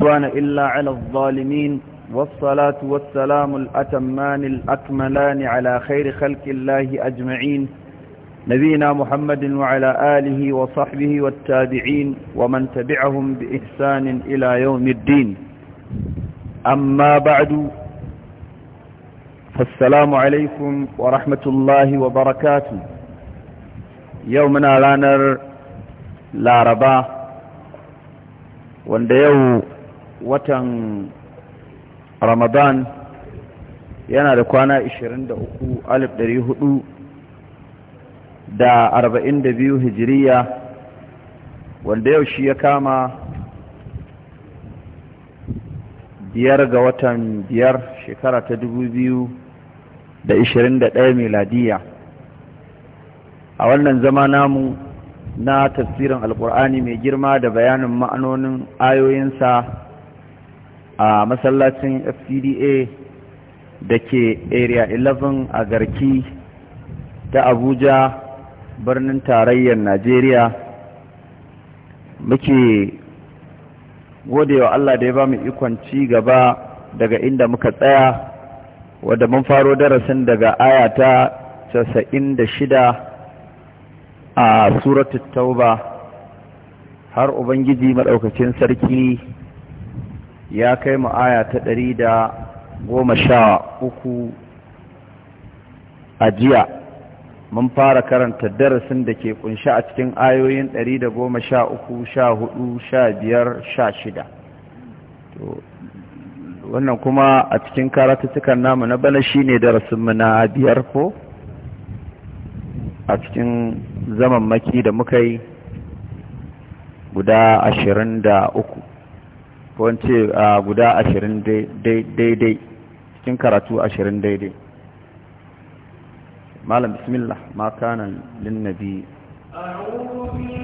عدوان إلا على الظالمين والصلاة والسلام الأتمان الأكملان على خير خلق الله أجمعين نبينا محمد وعلى آله وصحبه والتابعين ومن تبعهم بإحسان إلى يوم الدين أما بعد فالسلام عليكم ورحمة الله وبركاته يومنا لانر لا رباه yau watan ramadan yana da kwana 23,400 da 42 hijiriya wanda yau shi ya kama biyar ga watan biyar shekara ta 2021 miladiya a wannan zama namu na tafsirin Alƙur'ani mai girma da bayanin ma'anonin ayoyinsa a masallacin fcda da ke area 11 a garki ta abuja birnin tarayyar najeriya muke godewa allah da ya ba mu ikon ci gaba daga inda muka tsaya wadda mun faro darasin daga aya ta 96 a suratul tauba har ubangiji maɗaukacin sarki ya kai mu aya ta ɗari da goma sha uku a jiya mun fara karanta darasin da ke kunshi a cikin ayoyin ɗari da goma sha uku sha hudu sha biyar sha shida wannan kuma a cikin karatattukan namu na bana shi ne darasinmu na biyar ko a cikin zaman maki da muka yi guda ashirin da uku ko a guda ashirin daidai cikin karatu ashirin daidai malam bismillah ma kanan linnabi a'udhu billahi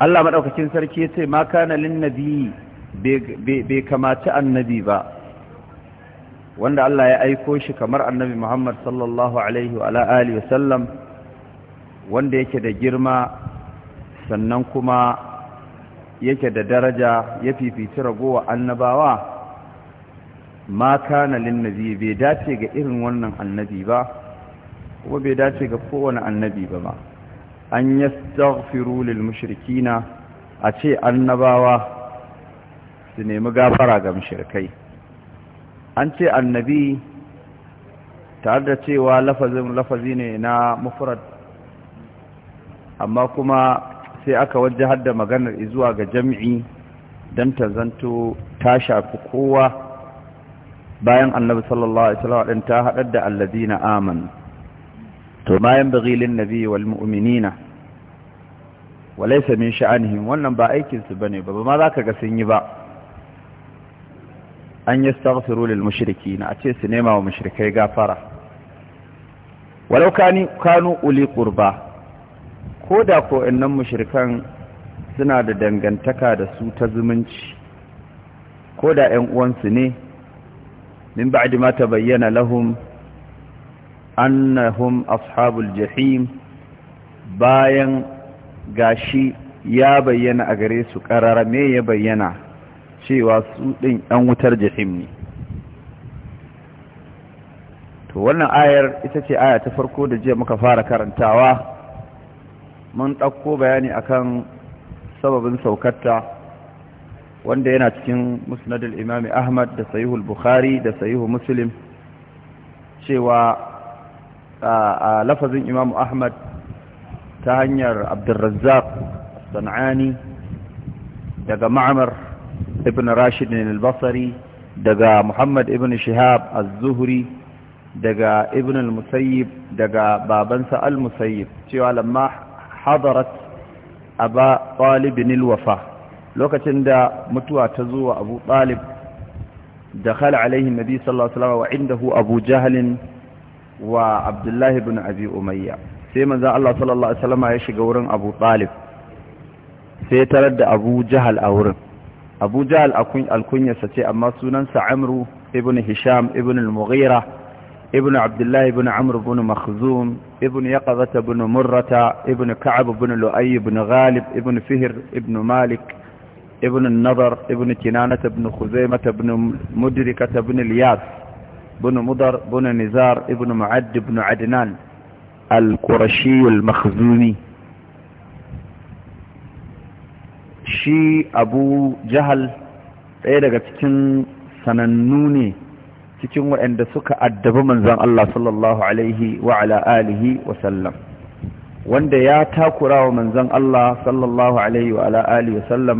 Allah maɗaukakin sarki ya ce ma kana bai kamata annabi ba wanda Allah ya aiko shi kamar annabi Muhammad sallallahu alaihi wa alihi wanda yake da girma sannan kuma yake da daraja ya fifici ragowa annabawa ma kana lin bai dace ga irin wannan annabi ba kuma bai dace ga kowane annabi ba ma an yastaghfiru lil mushrikina a ce annabawa su nemi gafara ga mushrikai an ce annabi tare da cewa lafazin lafazi ne na mufrad amma kuma sai aka har da maganar zuwa ga jami'i don ta zanto ta shafi kowa bayan annabi sallallahu alaihi wasallam ta haɗar da alladina amanu to ma yanbaghi lin nabiyyi wal mu'minina walaysa min sha'anihim wannan ba aikinsu su bane ba ma zaka ga sun yi ba an yastaghfiru lil mushrikeena a ce su nema wa mushrikai gafara walau kani kanu uli qurba ko da ko innan mushrikan suna da dangantaka da su ta zumunci ko da 'yan uwansu ne min ba'di ma tabayyana lahum annahum ashabul jahim bayan gashi ya bayyana a gare su karara me ya bayyana cewa su din yan wutar jahim ne to wannan ayar ita ce aya ta farko da jiya muka fara karantawa mun ɗauko bayani akan sababin saukarta wanda yana cikin musnadul imami ahmad da sahihul bukhari da sahihu muslim cewa a lafazin imamu ahmad ta hanyar abdurrazzak san'ani daga ma'amar ibn rashid al daga muhammad ibn shihab az-zuhri daga ibn al-musayyib daga babansa al-musayyib cewa lamma hadarat aba talib al-wafa lokacin da mutuwa ta zo wa abu talib dakhala alaihi nabi sallallahu alaihi wasallam wa indahu abu jahlin wa abdullahi bin abi umayya sai manzon Allah sallallahu alaihi wasallam ya shiga wurin Abu Talib sai tarar da Abu Jahal a wurin Abu Jahal alkunyarsa ce amma sunansa Amru ibn Hisham ibn al-Mughira ibn Abdullah ibn Amr ibn Makhzum ibn Yaqazah ibn Murrata ibn Ka'ab ibn Lu'ay ibn Ghalib ibn Fihr ibn Malik ibn Nadar ibn Kinanah ibn Khuzaimah ibn Mudrikah ibn Ilyas بن مضر بن نزار ابن معد بن عدنان القرشي المخزومي shi abu jahal ɗaya daga cikin sanannu ne cikin waɗanda suka addabi manzan Allah sallallahu alaihi wa ala alihi wa sallam wanda ya takura wa manzan Allah sallallahu alaihi wa ala alihi wa sallam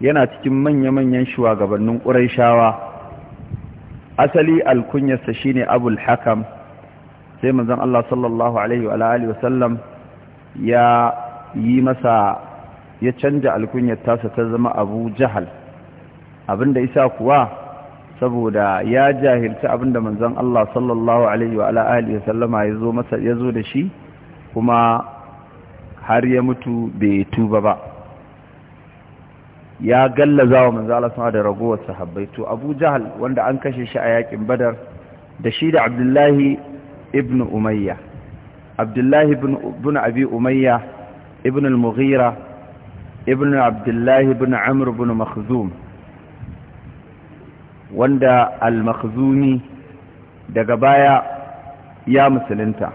yana cikin manya-manyan shugabannin ƙuraishawa asali alkunyarsa shi ne abulhakam sai manzan Allah sallallahu alaihi wa alihi wasallam ya yi masa ya canja alkunyar tasa ta zama abu jahal abinda isa kuwa saboda ya jahilci abinda manzan Allah sallallahu alaihi wa alihi wasallama yazo masa da shi kuma har ya mutu bai tuba ba ya gallaza wa manzo Allah sama da ragowar sahabbai to Abu wanda an kashe shi a yakin Badar da shi da Abdullahi ibn Umayya Abdullahi ibn Abi Umayya ibn al-Mughira ibn Abdullahi ibn Amr ibn Makhzum wanda al-Makhzumi daga baya ya musulunta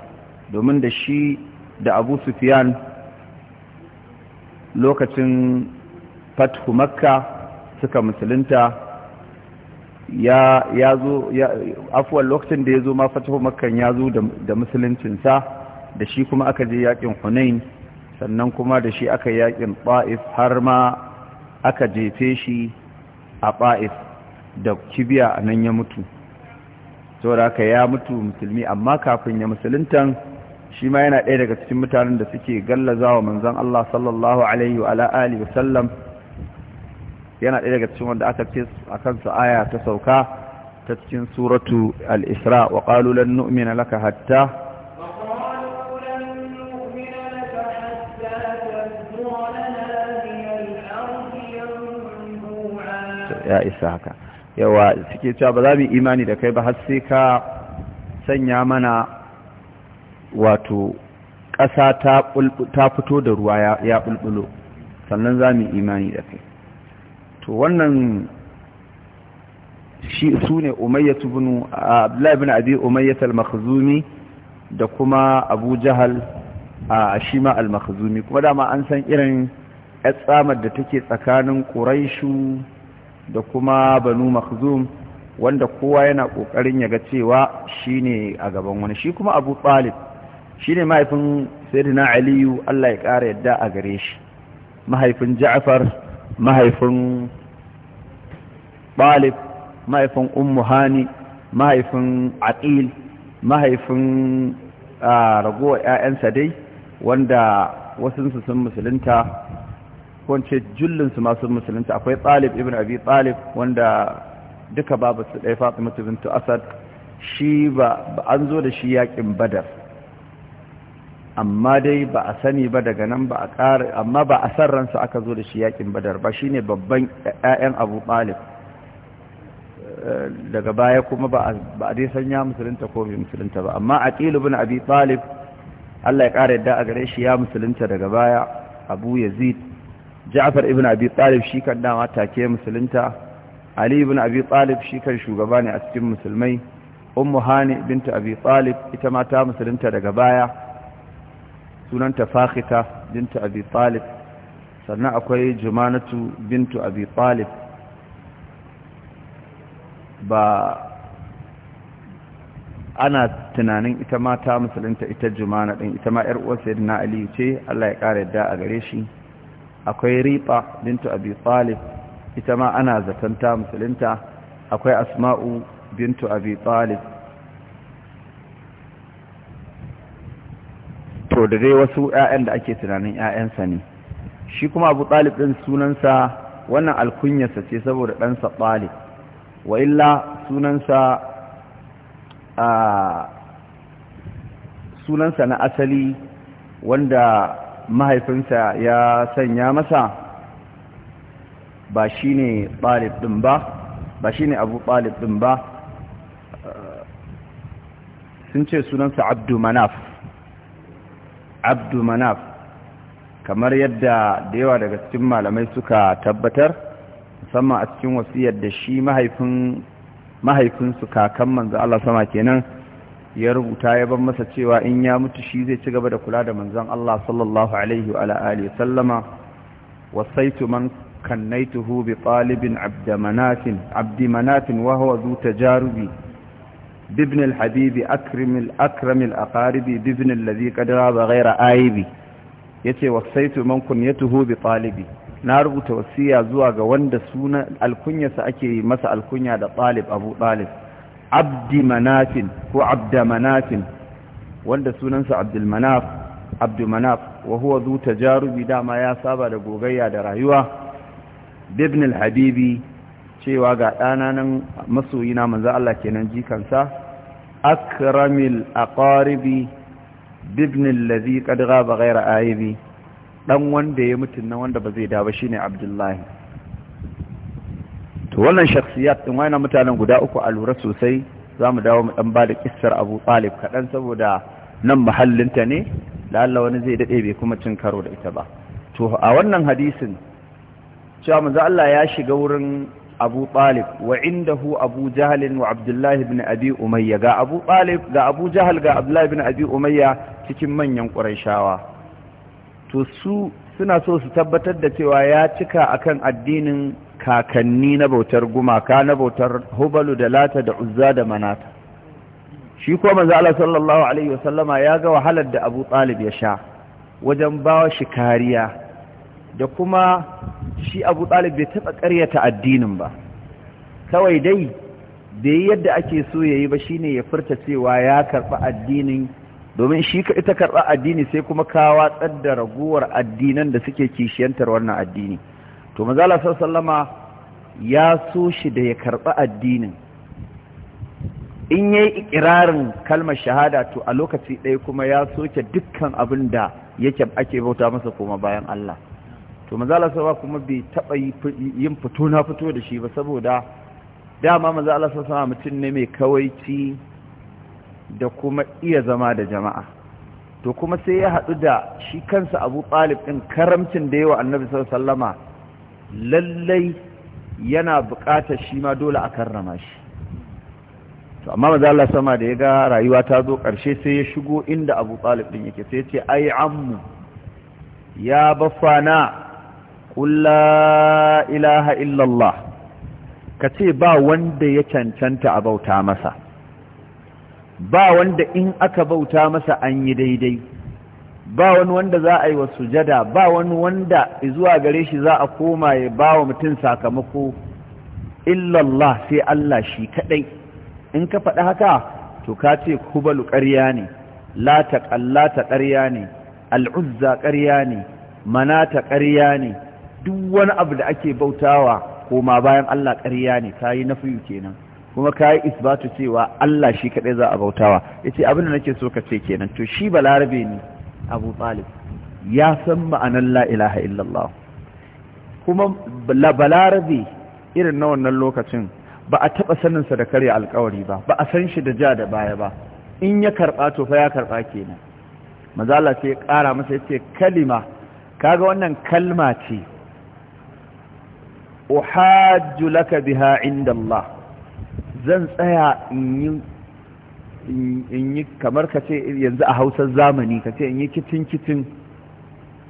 domin da shi da Abu Sufyan lokacin fathu makka suka musulunta ya ya zo lokacin da ya zo ma fathu makkan ya zo da musuluncinsa da shi kuma aka je yakin hunain sannan kuma da shi aka yakin ta'if har ma aka jefe shi a ta'if da kibiya a nan ya mutu saboda aka ya mutu musulmi amma kafin ya musuluntan shi ma yana ɗaya daga cikin mutanen da suke gallaza wa manzon Allah sallallahu alaihi wa alihi wasallam yana ɗaya daga cikin wanda aka ce a kansa aya ta sauka ta cikin suratu al'isra. isra wa qalu nu'mina laka hatta ya isa haka yawa suke cewa ba za mu imani da kai ba har sai ka sanya mana wato ƙasa ta fito da ruwa ya bulbulo sannan za mu imani da kai to wannan shi su ne umayyatu bin abdullahi bin abi umayyat al-makhzumi da kuma abu jahal a shi ma al-makhzumi kuma dama an san irin tsamar da take tsakanin quraishu da kuma banu makhzum wanda kowa yana ƙoƙarin ya ga cewa shine a gaban wani shi kuma abu talib shine mahaifin sayyidina aliyu Allah ya kara yadda a gare shi mahaifin ja'far mahaifin Talib mahaifin Ummu Hani mahaifin Aqil mahaifin ragowa yayansa dai wanda wasu sun musulunta ko ce jullinsu masu musulunta akwai Talib ibn Abi Talib wanda duka babu su ɗaya Fatima bint Asad shi ba an zo da shi yakin Badar amma dai ba a sani ba daga nan ba a kare amma ba a san ransa aka zo da shi yakin Badar ba shine babban ƴaƴan Abu Talib daga baya kuma ba a dai sanya musulunta ko bi musulunta ba amma aqil ibn abi talib Allah ya kare yadda a gare shi ya musulunta daga baya abu yazid ja'far ibn abi talib shi kan dama take musulunta ali ibn abi talib shi kan shugaba ne a cikin musulmai ummu hani bintu abi talib ita ma ta musulunta daga baya sunanta fakhita bintu abi talib sannan akwai jumanatu bintu abi talib ba ana tunanin ita ma ta musulunta ita jumana din ita ma 'yar uwar sayyidina ali ce Allah ya kare yadda a gare shi akwai riba, bintu abi talib ita ma ana zaton ta musulunta akwai asma'u bintu abi talib to da dai wasu 'ya'yan da ake tunanin 'ya'yansa ne shi kuma abu talib din sunansa wannan alkunyarsa ce saboda ɗansa talib wa illa sunansa a sunansa na asali wanda mahaifinsa ya sanya masa ba shi ne ɗin ba ba shi ne abu ɓalib ɗin ba sun ce sunansa abdu manaf abdu manaf kamar yadda da yawa daga cikin malamai suka tabbatar musamman a cikin wasiyar da shi mahaifinsu kakan manzo Allah sama kenan ya rubuta ya ban masa cewa in ya mutu shi zai ci gaba da kula da manzon Allah sallallahu alaihi wa alihi sallama wasaitu man kannaituhu bi talibin abd manatin abd manatin wa huwa zu tajarubi بابن الحبيب أكرم الأكرم الأقارب بابن الذي قد غاب aibi yace يتي وصيت من كنيته بطالبي na rubuta wasiya zuwa ga wanda suna alkunyarsa ake yi masa alkunya da ɗalib abu ɗalib abdi manafin ko abda manafin wanda sunansa abdulmanaf manaf wa huwa zu tajarubi dama ya saba da gogayya da rayuwa bibn habibi cewa ga ɗana nan masoyina manzo Allah kenan jikansa akramil aqaribi bibn lazi qad ghaba ghayra aibi Ɗan wanda ya mutu na wanda ba zai da ba ne abdullahi to wannan shakhsiyat din waina mutanen guda uku a lura sosai zamu dawo mu dan bada kissar Abu Talib kadan saboda nan mahallinta ne lalla wani zai dade bai kuma cin karo da ita ba to a wannan hadisin cewa manzo Allah ya shiga wurin Abu Talib wa indahu Abu Jahl wa Abdullah ibn Abi Umayya ga Abu Talib ga Abu Jahl ga Abdullah ibn Abi Umayya cikin manyan Qurayshawa to su suna so su tabbatar da cewa ya cika akan addinin kakanni na bautar gumaka na bautar hubalu da lata da uzza da manata shi ko manzo Allah sallallahu alaihi wasallama ya ga wahalar da Abu Talib ya sha wajen bawa shi kariya da kuma shi Abu Talib bai taba ƙaryata addinin ba kawai dai bai yadda ake so yayi ba shine ya furta cewa ya karba addinin domin shi ka ita karɓa addini sai kuma ka watsar da raguwar addinan da suke kishiyantar wannan addini to mazala sallama ya so shi da ya karɓa addinin in ya yi ikirarin kalmar shahada to a lokaci ɗaya kuma ya soke dukkan abin da yake ake bauta masa kuma bayan Allah to mazala sallama kuma bai taɓa yin fito na fito da shi ba saboda dama mazala sallama mutum ne mai kawaici da kuma iya zama da jama'a to kuma sai ya haɗu da shi kansa abu ɗalib ɗin karamcin da yawa annabi sallama lallai yana buƙatar shi ma dole a karrama shi to amma maza Allah sama da ya ga rayuwa ta zo ƙarshe sai ya shigo inda abu ɗalib ɗin yake sai ce ai ammu ya na ƙulla ilaha illallah ka ce ba wanda ya cancanta a bauta masa ba wanda in aka bauta masa an yi daidai ba wani wanda za a yi wa sujada ba wani wanda zuwa gare shi za a koma ya ba wa mutum sakamako illallah sai Allah shi kadai in ka faɗi haka to ka ce kubalu ƙarya ne lata ƙarya ne al'uzza ƙarya ne manata ƙarya ne duk wani abu da ake bautawa koma bayan Allah ƙarya ne ka yi nafiyu kenan kuma ka yi isbatu cewa Allah shi kaɗai za a bautawa ya ce abin da nake so ka ce kenan to shi balarabe ne abu talib ya san ma'anar la illallah kuma balarabe irin na wannan lokacin ba a taɓa saninsa da karya alkawari ba ba a san shi da ja da baya ba in ya karɓa to fa ya karɓa kenan mazala ce ƙara masa ya ce kalima kaga wannan kalma ce uhajju laka biha inda Allah zan tsaya in yi kamar ka ce yanzu a hausar zamani ka ce in yi kitin-kitin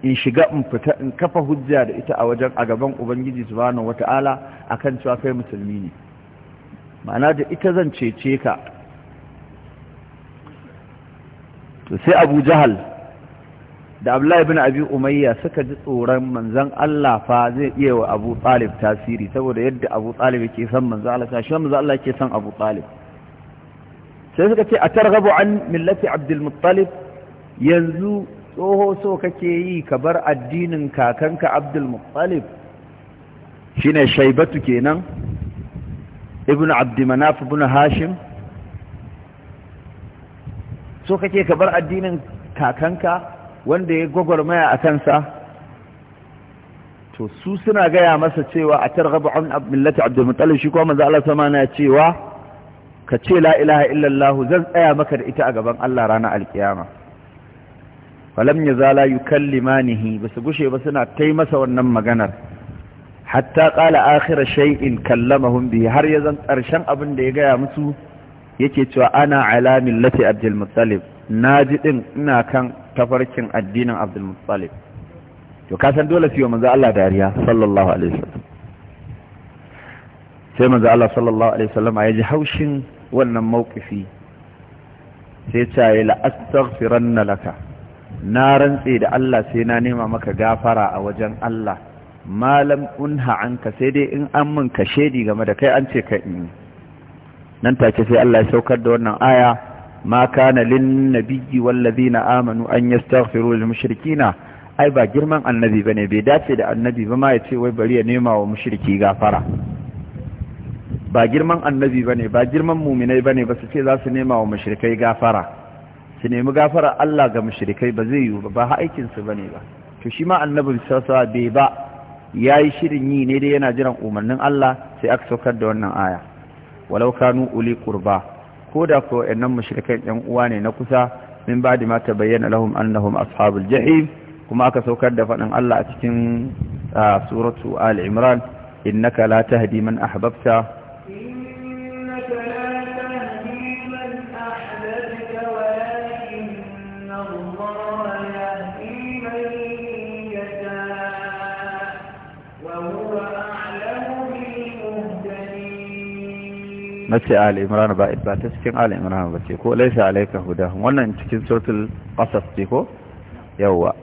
in shiga in fita in kafa hujja da ita a wajen a gaban ubangiji subhanahu wata'ala akan cewa kai musulmi ne ma'ana da ita zan cece ka to sai abu jahal da abdullahi bin abi umayya suka ji tsoron manzan Allah fa zai iya wa abu talib tasiri saboda yadda abu talib yake son manzon Allah shi manzan Allah yake son abu talib sai suka ce a targhabu an millati abdul muttalib yanzu tsoho so kake yi ka bar addinin kakanka abdul muttalib shine shaybatu kenan ibn abd manaf ibn hashim so kake ka bar addinin kakanka wanda ya gwagwarmaya a kansa to su suna gaya masa cewa a targhaba an abdul abdulmuttalib shi kuma manzo Allah sama na cewa ka ce la ilaha illallah zan tsaya maka da ita a gaban Allah ranar alkiyama falam yazala yukallimanihi basu gushe ba suna tai masa wannan maganar hatta qala akhir shay'in kallamahum bi har yazan karshen abin da ya gaya musu yake cewa ana ala millati abdulmuttalib na ji ɗin ina kan tafarkin addinin abdulmuttalib to kasan dole fiye manzo Allah dariya sallallahu alaihi wasallam sai manzo Allah sallallahu alaihi wasallam ya ji haushin wannan mawkifi sai ta yi astaghfiranna laka na rantse da Allah sai na nema maka gafara a wajen Allah malam unha anka sai dai in an min kashedi game da kai an ce kai nan take sai Allah ya saukar da wannan aya ma kana lin nabiyyi na amanu an yastaghfiru lil mushrikina ai ba girman annabi bane bai dace da annabi ba ma ya ce wai bari ya nema wa mushriki gafara ba girman annabi bane ba girman muminai bane ba su ce za su nema wa mushrikai gafara su nemi gafara Allah ga mushrikai ba zai yi ba ba aikin su bane ba to shi ma annabi sallallahu alaihi bai ba ya yi shirin yi ne dai yana jiran umarnin Allah sai aka saukar da wannan aya walau kanu uli qurba ko da ko ɗannan mashirkan ƴan uwa ne na kusa min ba da mata ta bayyana lahum annahum ashabul jahim kuma aka saukar da faɗin Allah a cikin ah, suratu al-imran innaka la tahdi man ahbabta na ce ali imran ba ba ta cikin ali imran ba ce ko laisa alayka huda wannan cikin suratul qasas ce ko yawa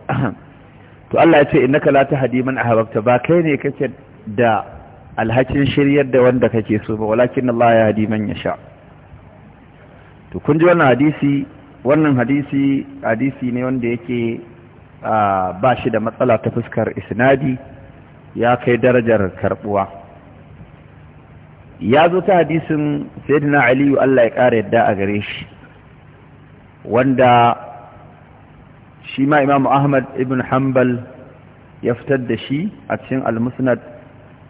to Allah ya ce innaka la tahdi man ahbabta ba kai ne kake da alhakin shiryar da wanda kake so ba walakin Allah ya hadi man yasha to kun ji wannan hadisi wannan hadisi hadisi ne wanda yake ah, ba shi da matsala ta fuskar isnadi ya kai darajar karbuwa ya zo ta hadisin sayyidina aliyu Allah ya ƙara yadda a gare shi wanda shi ma imam ahmad ibn hanbal ya fitar da shi a cikin al-musnad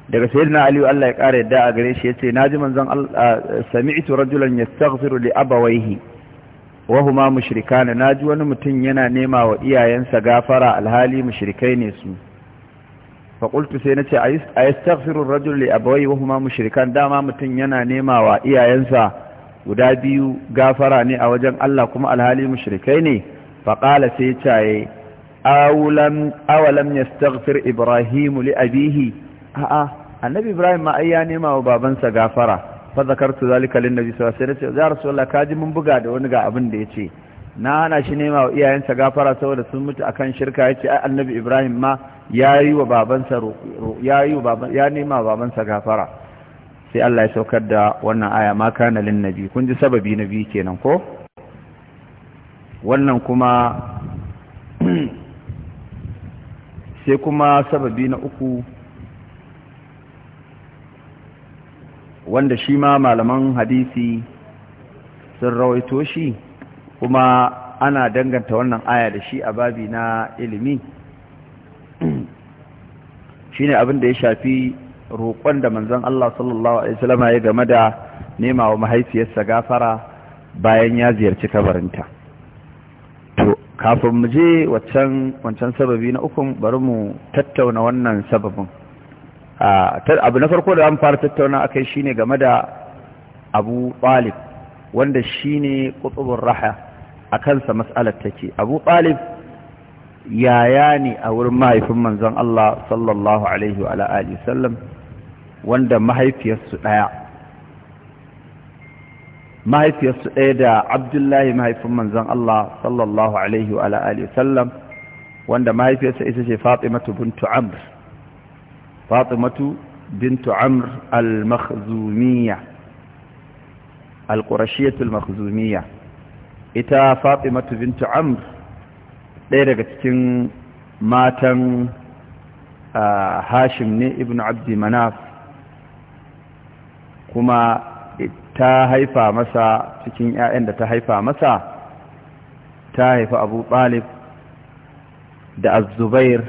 daga sayyidina aliyu Allah ya ƙara yadda a gare shi yace naji manzon sami'tu rajulan yastaghfiru li abawayhi wa huma mushrikana naji wani mutum yana nema wa iyayensa gafara alhali mushrikai ne su faƙultu sai na ce a yi stagfirun rajul li abawai wahuma mushrikan dama mutum yana nema wa iyayensa guda biyu gafara ne a wajen Allah kuma alhali mushrikai ne faƙala sai caye awalam ya stagfir ibrahimu li abihi a'a annabi ibrahim ma ya nema wa babansa gafara fa zakartu zalika lin nabi sallallahu alaihi wasallam sai ya rasulullah kaji mun buga da wani ga abin da ya ce na hana shi nema wa iyayensa gafara saboda sun mutu a kan shirka ya ce ai annabi ibrahim ma ya yi wa babansa nema babansa gafara sai Allah ya saukar da wannan aya ma kana lin nabi kun ji sababi nabi kenan ko wannan kuma sai kuma sababi na uku wanda shi ma malaman hadisi sun rawaito shi kuma ana danganta wannan aya da shi a babi na ilimi shine abin da ya shafi roƙon da manzon Allah sallallahu alaihi wasallam ya game da nema wa mahaifiyarsa gafara bayan ya ziyarci kabarinta to kafin mu je waccan wancan sababi na uku bari mu tattauna wannan sababin abu na farko da an fara tattauna akai shine game da Abu ɓalib wanda shine qutubur raha a kansa mas'alar take Abu ɓalib yaya ne a wurin mahaifin manzon Allah sallallahu alaihi wa alihi sallam wanda mahaifiyarsu ɗaya mahaifiyarsu ɗaya da abdullahi mahaifin manzon Allah sallallahu alaihi wa alihi sallam wanda mahaifiyarsa isa ce fatimatu bintu amr fatimatu bintu amr al-makhzumiyya al-qurashiyyatul makhzumiyya ita fatimatu bintu amr ɗaya daga cikin matan hashim ne ibn abdi manaf kuma ta haifa masa cikin 'ya'yan da ta haifa masa ta haifa abu ɓalib da azubair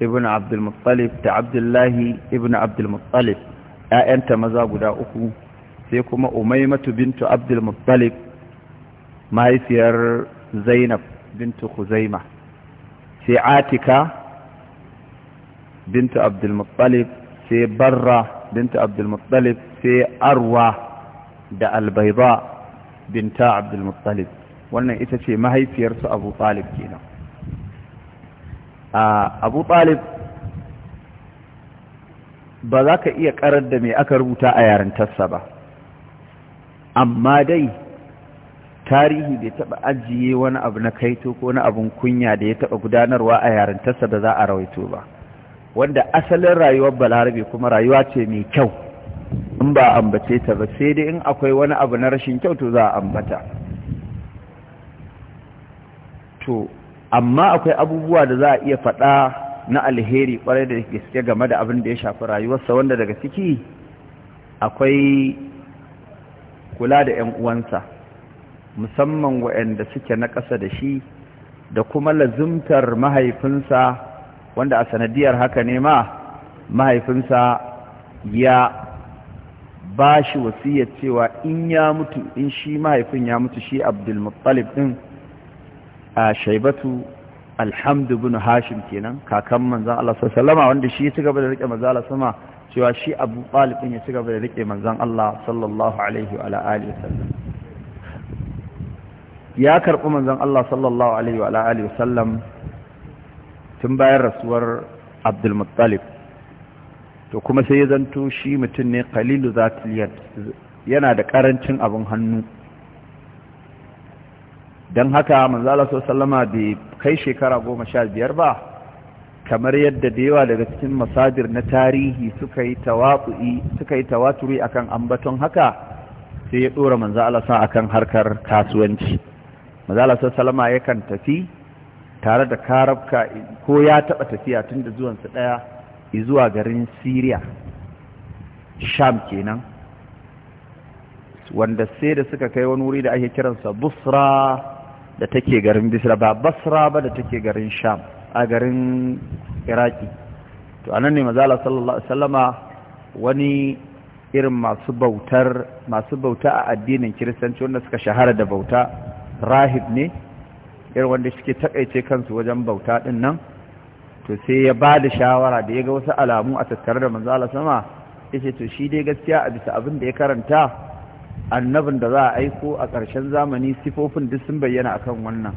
ibn abdulmuttalib da abdullahi ibn abdulmuttalib 'ya'yanta maza guda uku sai kuma umaimatu bintu abdulmuttalib mahaifiyar zainab بنت خزيمة سي عاتكة بنت عبد المطلب سي برة بنت عبد المطلب سي أروى دا البيضاء بنت عبد المطلب wannan ita ce mahaifiyarsu abu talib kenan abu talib ba za ka iya karar da mai aka rubuta a yarintarsa ba amma dai tarihi bai taɓa ajiye wani abu na kaito ko na abun kunya da ya taɓa gudanarwa a yarintarsa da za a rawaito ba wanda asalin rayuwar balarabe kuma rayuwa ce mai kyau in ba ambace ta ba sai dai in akwai wani abu na rashin kyau to za a ambata to amma akwai abubuwa da za a iya faɗa na alheri kwarai da gaske game da abin da ya shafi rayuwarsa wanda daga ciki akwai kula da 'yan uwansa musamman waɗanda suke na ƙasa da shi da kuma lazumtar mahaifinsa wanda a sanadiyar haka ne ma mahaifinsa ya ba shi wasiyar cewa in ya mutu in shi mahaifin ya mutu shi abdulmuttalib ɗin a shaibatu alhamdu bin hashim kenan kakan manzan Allah sallama wanda shi ya ci gaba da riƙe manzan Allah sama cewa shi abu ɗalib ɗin ya ci gaba da riƙe manzan Allah sallallahu alaihi wa alihi sallam. ya karɓi manzon Allah sallallahu alaihi wa alihi wasallam tun bayan rasuwar Abdul Muttalib to kuma sai ya zanto shi mutum ne qalilu zatil yana da karancin abin hannu don haka manzon Allah sallallahu alaihi bai kai shekara goma sha biyar ba kamar yadda da yawa daga cikin masadir na tarihi suka yi tawaturi suka yi tawaturi akan ambaton haka sai ya ɗora manzo sa akan harkar kasuwanci mazala salama yakan tafi tare da karabka ko ya taɓa tafiya tun da zuwansa ɗaya zuwa garin siriya sham kenan wanda sai da suka kai wani wuri da ake kiransa busra da take garin bisra ba basra ba da take garin sham a garin iraki to anan ne mazala sallallahu alaihi wani irin masu bautar masu bauta a addinin kiristanci wanda suka shahara da bauta rahib ne irin wanda suke takaice kansu wajen bauta ɗin nan to sai ya ba da shawara da ya ga wasu alamu a tattare da manzala sama sama ce to shi dai gaskiya a bisa abin da ya karanta annabin da za a aiko a ƙarshen zamani sifofin duk sun bayyana a kan wannan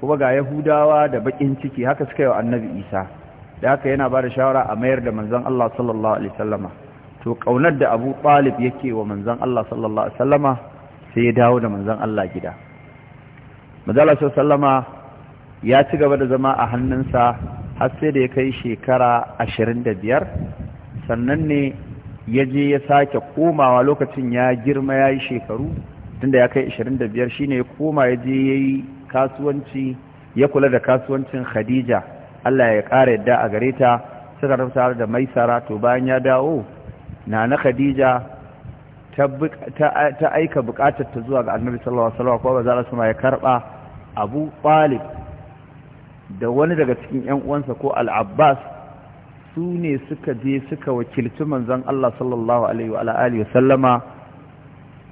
kuma ga yahudawa da baƙin ciki haka suka yi wa annabi isa da haka yana ba da shawara a mayar da Manzan Allah sallallahu alaihi wasallama to ƙaunar da Abu Talib yake wa Manzan Allah sallallahu alaihi wasallama sai ya dawo da Manzan Allah gida majalasar sallama ya ci gaba da zama a hannunsa har sai da ya kai shekara ashirin da biyar sannan ne ya je ya sake komawa lokacin ya girma ya yi shekaru tunda ya kai ashirin da biyar shine ya koma ya je ya yi kasuwanci ya kula da kasuwancin khadija allah ya ƙara yadda a gare ta suka da maisara to bayan ya dawo na na khadija ta aika bukatar ta zuwa ga annabi sallallahu alaihi wasallam ko ba za ya karba abu talib da wani daga cikin ƴan uwansa ko al'abbas su ne suka je suka wakilci manzon Allah sallallahu alaihi wa alihi wasallama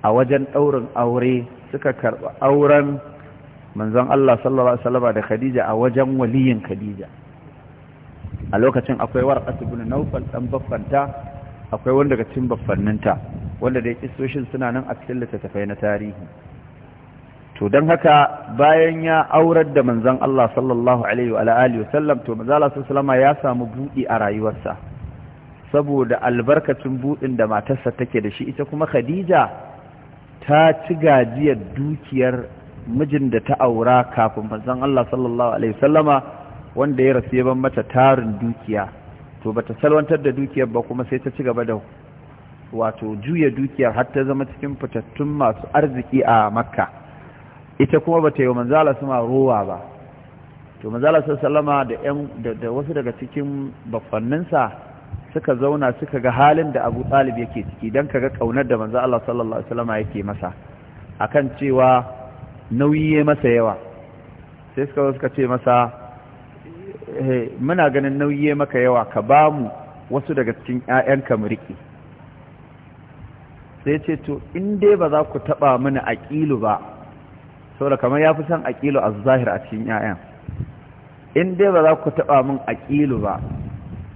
a wajen ɗaurin aure suka karɓi auren manzon Allah sallallahu alaihi wasallama da Khadija a wajen waliyin Khadija a lokacin akwai warqat ibn Nawfal dan baffanta akwai wanda daga cikin baffanninta wanda da ya suna nan a cikin littattafai na tarihi to don haka bayan ya aurar da manzan Allah sallallahu alaihi wa wasallam to manzala salama ya samu buɗi a rayuwarsa saboda albarkacin buɗin da matarsa take da shi ita kuma Khadija ta ci gajiyar dukiyar mijin da ta aura kafin manzan Allah sallallahu alaihi wasallama wanda ya rasu yaban mata tarin dukiya to ba ta salwantar da dukiyar ba kuma sai ta ci gaba da wato juya dukiyar har ta zama cikin fitattun masu arziki a makka ita kuma ba ta yi wa manzala suma ruwa ba to manzala sun da da wasu daga cikin bafanninsa suka zauna suka ga halin da abu talib yake ciki don kaga kaunar da manzala Allah sallallahu alaihi wasallama yake masa a kan cewa nauyi ya masa yawa sai suka suka ce masa eh, muna ganin nauyi ya maka yawa ka ba mu wasu daga cikin ƴaƴanka mu riƙe sai ce to in dai ba za ku taɓa mini aƙilu ba saboda kamar ya fi san aƙilu a zahir a cikin 'ya'yan in dai ba za ku taɓa min aƙilu ba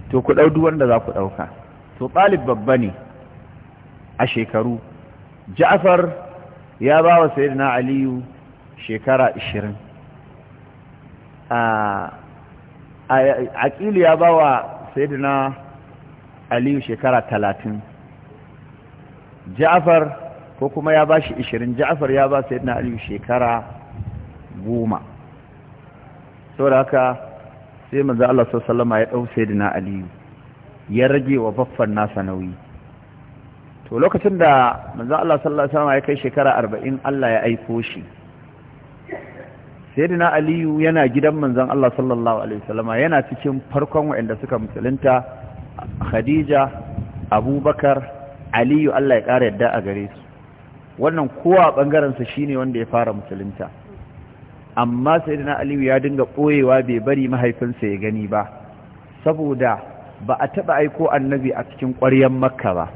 to ku ɗau duk wanda za ku ɗauka to ɗalib babba ne a shekaru Ja'far ya ba wa sayyidina Aliyu shekara 20 aƙilu ya ba wa sayyidina Aliyu shekara 30 Ja'far ko kuma ya ba shi ishirin ja'afar ya ba sayyidina aliyu shekara goma da haka sai maza Allah sallama ya sai sayyidina aliyu ya rage wa baffan nasa nauyi to lokacin da maza Allah sallallahu alaihi ya kai shekara arba'in Allah ya aiko shi sayyidina aliyu yana gidan manzan Allah sallallahu alaihi wasallama yana cikin farkon waɗanda suka musulunta khadija abubakar aliyu Allah ya ƙara yadda a gare su wannan kowa ɓangarensa ne wanda ya fara musulunta amma sai na aliyu ya dinga ɓoyewa bai bari mahaifinsa ya gani ba saboda ba a taɓa aiko annabi a cikin ƙwaryen makka ba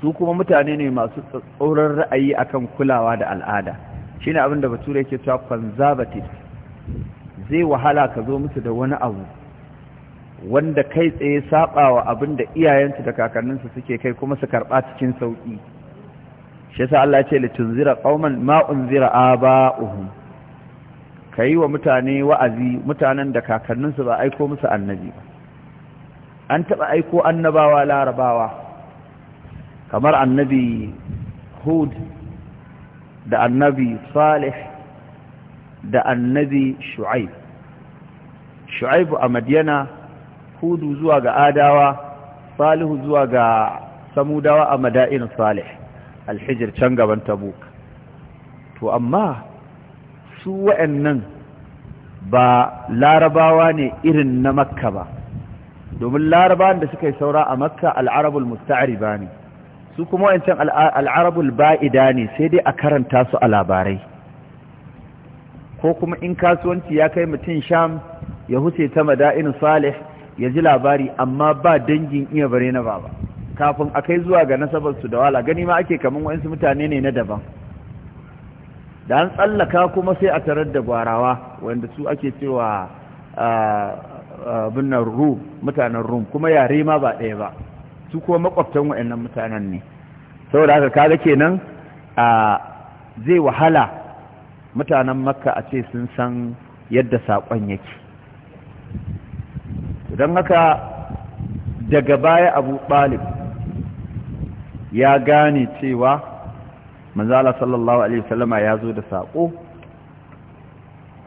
su kuma mutane ne masu tsatsauran ra'ayi akan kulawa da al'ada shine abin da bature yake cewa conservative zai wahala ka zo musu da wani abu wanda kai tsaye saɓawa abin da iyayensu da kakanninsu suke kai kuma su karɓa cikin sauƙi shi yasa Allah ya ce litunzira qauman ma unzira aba'uhum kai wa mutane wa'azi mutanen da kakanninsu ba aiko musu annabi ba an taba aiko annabawa larabawa kamar annabi hud da annabi salih da annabi shu'aib shu'aib a madiyana hudu zuwa ga adawa salihu zuwa ga samudawa a madain salih alhijir can gaban tabuk to amma su wa'annan ba larabawa ne irin na makka ba domin larabawan da suka yi saura a makka al'arabul musta'ariba ne su kuma waancan al'arabul ba'ida ne sai dai a karanta su a labarai ko kuma in kasuwanci ya kai mutum sham ya huce ta mada'in salih ya ji labari amma ba dangin iya bare na baba kafin a kai zuwa ga nasabar su da wala gani ma ake kamar wa'insu mutane ne na daban da an tsallaka kuma sai a tarar da gwarawa wanda su ake cewa binnan rum mutanen rum kuma yare ma ba ɗaya ba su kuma makwabtan wa'annan mutanen ne saboda haka kaga kenan a zai wahala mutanen makka a ce sun san yadda saƙon yake don haka daga baya abu ɓalib ya gane cewa manzala sallallahu alaihi wasallama ya zo da saƙo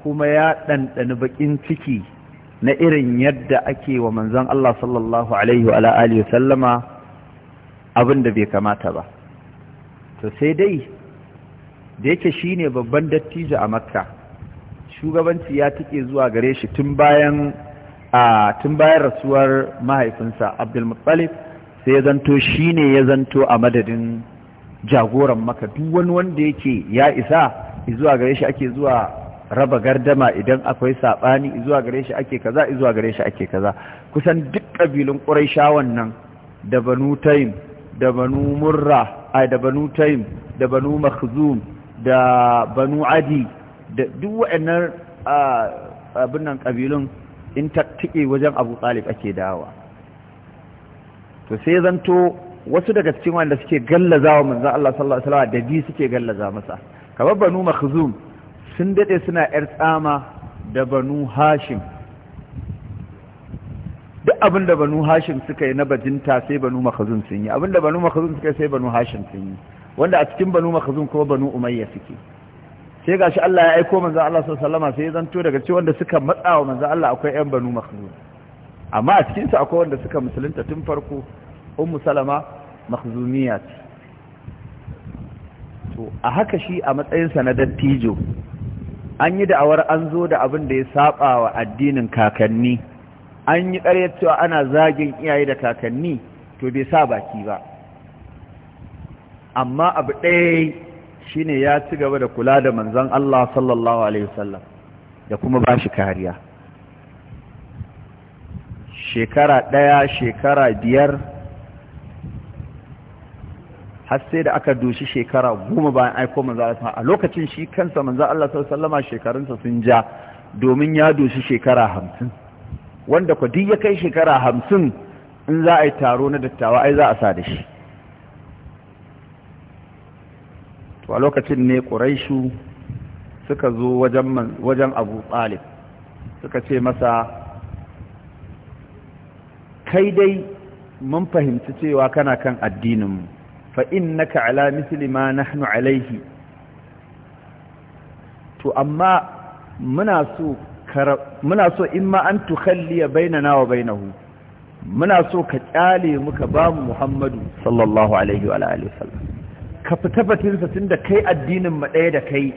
kuma ya ɗanɗani baƙin ciki na irin yadda ake wa manzan Allah sallallahu alaihi wa alihi wasallama abin da bai kamata ba to sai dai da yake shine babban dattijo a makka shugabanci ya tike zuwa gare shi tun bayan rasuwar mahaifinsa abdulmuttalib sai ya zanto shi ne ya zanto a madadin jagoran maka duk wani wanda yake ya isa zuwa gare shi ake zuwa raba gardama idan akwai saɓani zuwa gare shi ake kaza zuwa gare shi ake kaza kusan duk ƙabilun ƙuraishawan nan da banu taim da banu murra a da banu taim da banu makhzum da banu adi da duk wa'annan ah, abin nan ƙabilun in tattike wajen abu talib ake dawa to sai zanto wasu daga cikin wanda suke gallazawa manzon Allah sallallahu alaihi wasallam da bi suke gallaza masa kamar banu makhzum sun dade suna yar tsama da banu hashim duk abinda banu hashim suka yi na bajinta sai banu makhzum sun yi abinda banu makhzum suka yi sai banu hashim sun yi wanda a cikin banu makhzum kuma banu umayya suke sai gashi Allah ya aiko manzon Allah sallallahu alaihi wasallam sai zanto daga cikin wanda suka matsawa manzon Allah akwai ƴan banu makhzum amma a cikinsu akwai wanda suka musulunta tun farko ummu salama makhzumiya to a haka shi a matsayinsa na dattijo an yi da'awar an zo da abin da ya saba wa addinin kakanni an yi ƙaryar cewa ana zagin iyaye da kakanni to bai sa baki ba amma abu ɗaya shine ya ci gaba da kula da manzon Allah sallallahu alaihi wasallam da kuma ba shi kariya shekara ɗaya shekara biyar har sai da aka doshi shekara goma bayan aiko manzo Allah a lokacin shi kansa manzo Allah sallama shekarunsa sun ja domin ya doshi shekara hamsin wanda ku duk ya kai shekara hamsin in za a yi taro na dattawa ai za a sa da shi to a lokacin ne ƙuraishu suka zo wajen abu ɗalib suka ce masa kai dai mun fahimci cewa kana kan addininmu fa innaka ala misli ma alaihi to amma muna so in ma an tukhalliya baina nawa bainahu muna so ka kyale muka ba mu Muhammadu sallallahu alaihi wa alihi sallam. ka fita tun da kai addinin mu ɗaya da kai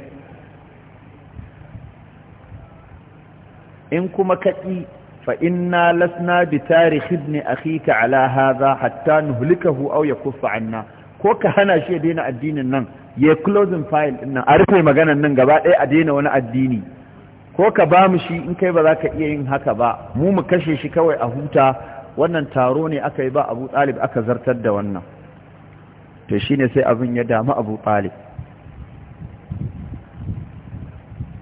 in kuma kaɗi fa inna lasna bi tarikh ibn akhika ala hadha hatta nuhlikahu aw yakuffa anna ko ka hana shi daina addinin nan ya closing file din nan a rufe maganan nan gaba ɗaya a daina wani addini ko ka ba mu shi in kai ba za ka iya yin haka ba mu mu kashe shi kawai a huta wannan taro ne aka yi ba abu ɗalib aka zartar da wannan to shine sai abin ya damu abu ɗalib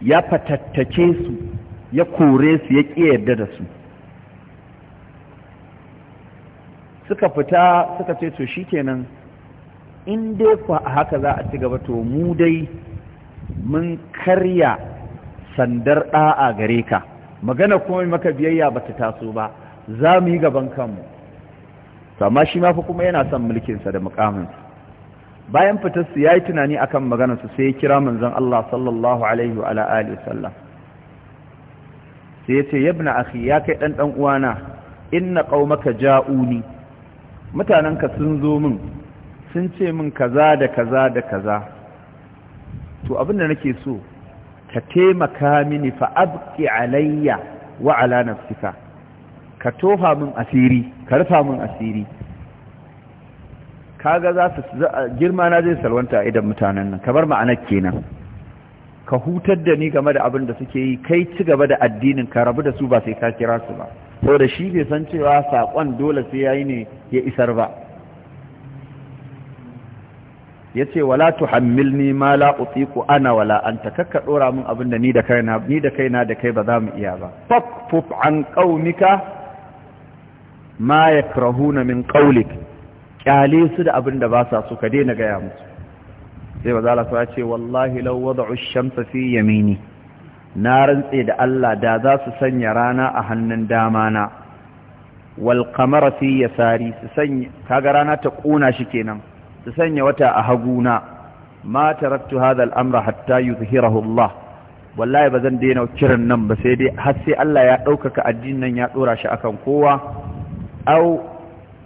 ya fatattake su ya kore su ya ƙi yarda da su suka fita suka ce to shi kenan in dai ku a haka za a ci gaba to mu dai mun karya sandar ɗa'a gare ka magana kuma maka biyayya ba ta taso ba za mu yi gaban kanmu amma shi fa kuma yana son mulkinsa da mukaminsa bayan fitarsu ya yi tunani akan su sai ya kira manzon Allah sallallahu alaihi wa alihi wasallam sai ya ce yabna akhi ya kai dan dan uwana inna qaumaka ja'uni mutanenka sun zo min sun ce min kaza da kaza da kaza to abinda nake so ka taimaka mini fa abqi alayya wa ala nafsika ka tofa min asiri ka rufa min asiri kaga za su girma na zai salwanta idan mutanen nan kamar ma'anar kenan ka hutar da ni game da abin da suke yi kai ci gaba da addinin ka rabu da su ba sai ka kira su ba da shi bai san cewa saƙon dole sai yayi ne ya isar ba ya ce wala tuhammilni ma la utiku ana wala anta kakka dora min abin da ni da kaina ni da kaina da kai ba za mu iya ba fakfuf an qaumika ma yakrahuna min ƙaulik. Ƙyale su da abin da ba sa so ka daina gaya musu sai ba za a ce wallahi lau wada'u shamsa fi yamini na rantse da Allah da za su sanya rana a hannun dama na wal qamara ya yasari su sanya kaga rana ta ƙuna shi kenan su sanya wata a haguna ma taraktu hadha al amra hatta yuzhirahu Allah wallahi zan daina kiran nan ba sai dai har sai Allah ya ɗaukaka addinin nan ya dora shi akan kowa au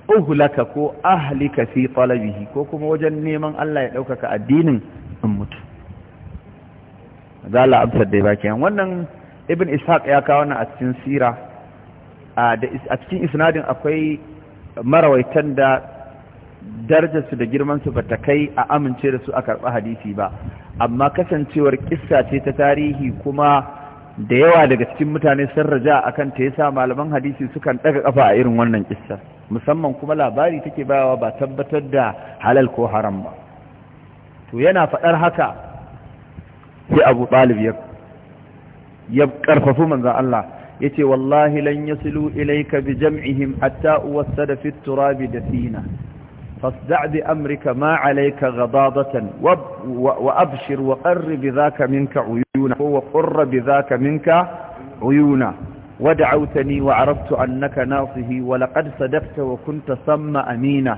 uhlaka ko ahlika fi talabihi ko kuma wajen neman Allah ya ɗaukaka addinin in mutu za la amsar da baki wannan ibn ishaq ya kawo na a cikin sira a cikin isnadin akwai marawaitan da darajarsu da girmansu ba ta kai a amince da su a karɓi hadisi ba amma kasancewar kissa ce ta tarihi kuma da yawa daga cikin mutane sun raja akan ta yasa malaman hadisi sukan ɗaga ƙafa a irin wannan kissa musamman kuma labari take bayawa ba tabbatar da halal ko haram ba to yana faɗar haka sai abu ɗalib ya ƙarfafi manzan Allah ya ce wallahi lan ya silu ilaika bi jam'ihim hatta uwasta da turabi da sina فاصدع بأمرك ما عليك غضاضة وأبشر وقر بذاك منك عيونا وقر بذاك منك عيونا ودعوتني وعرفت أنك ناصه ولقد صدقت وكنت صم أمينا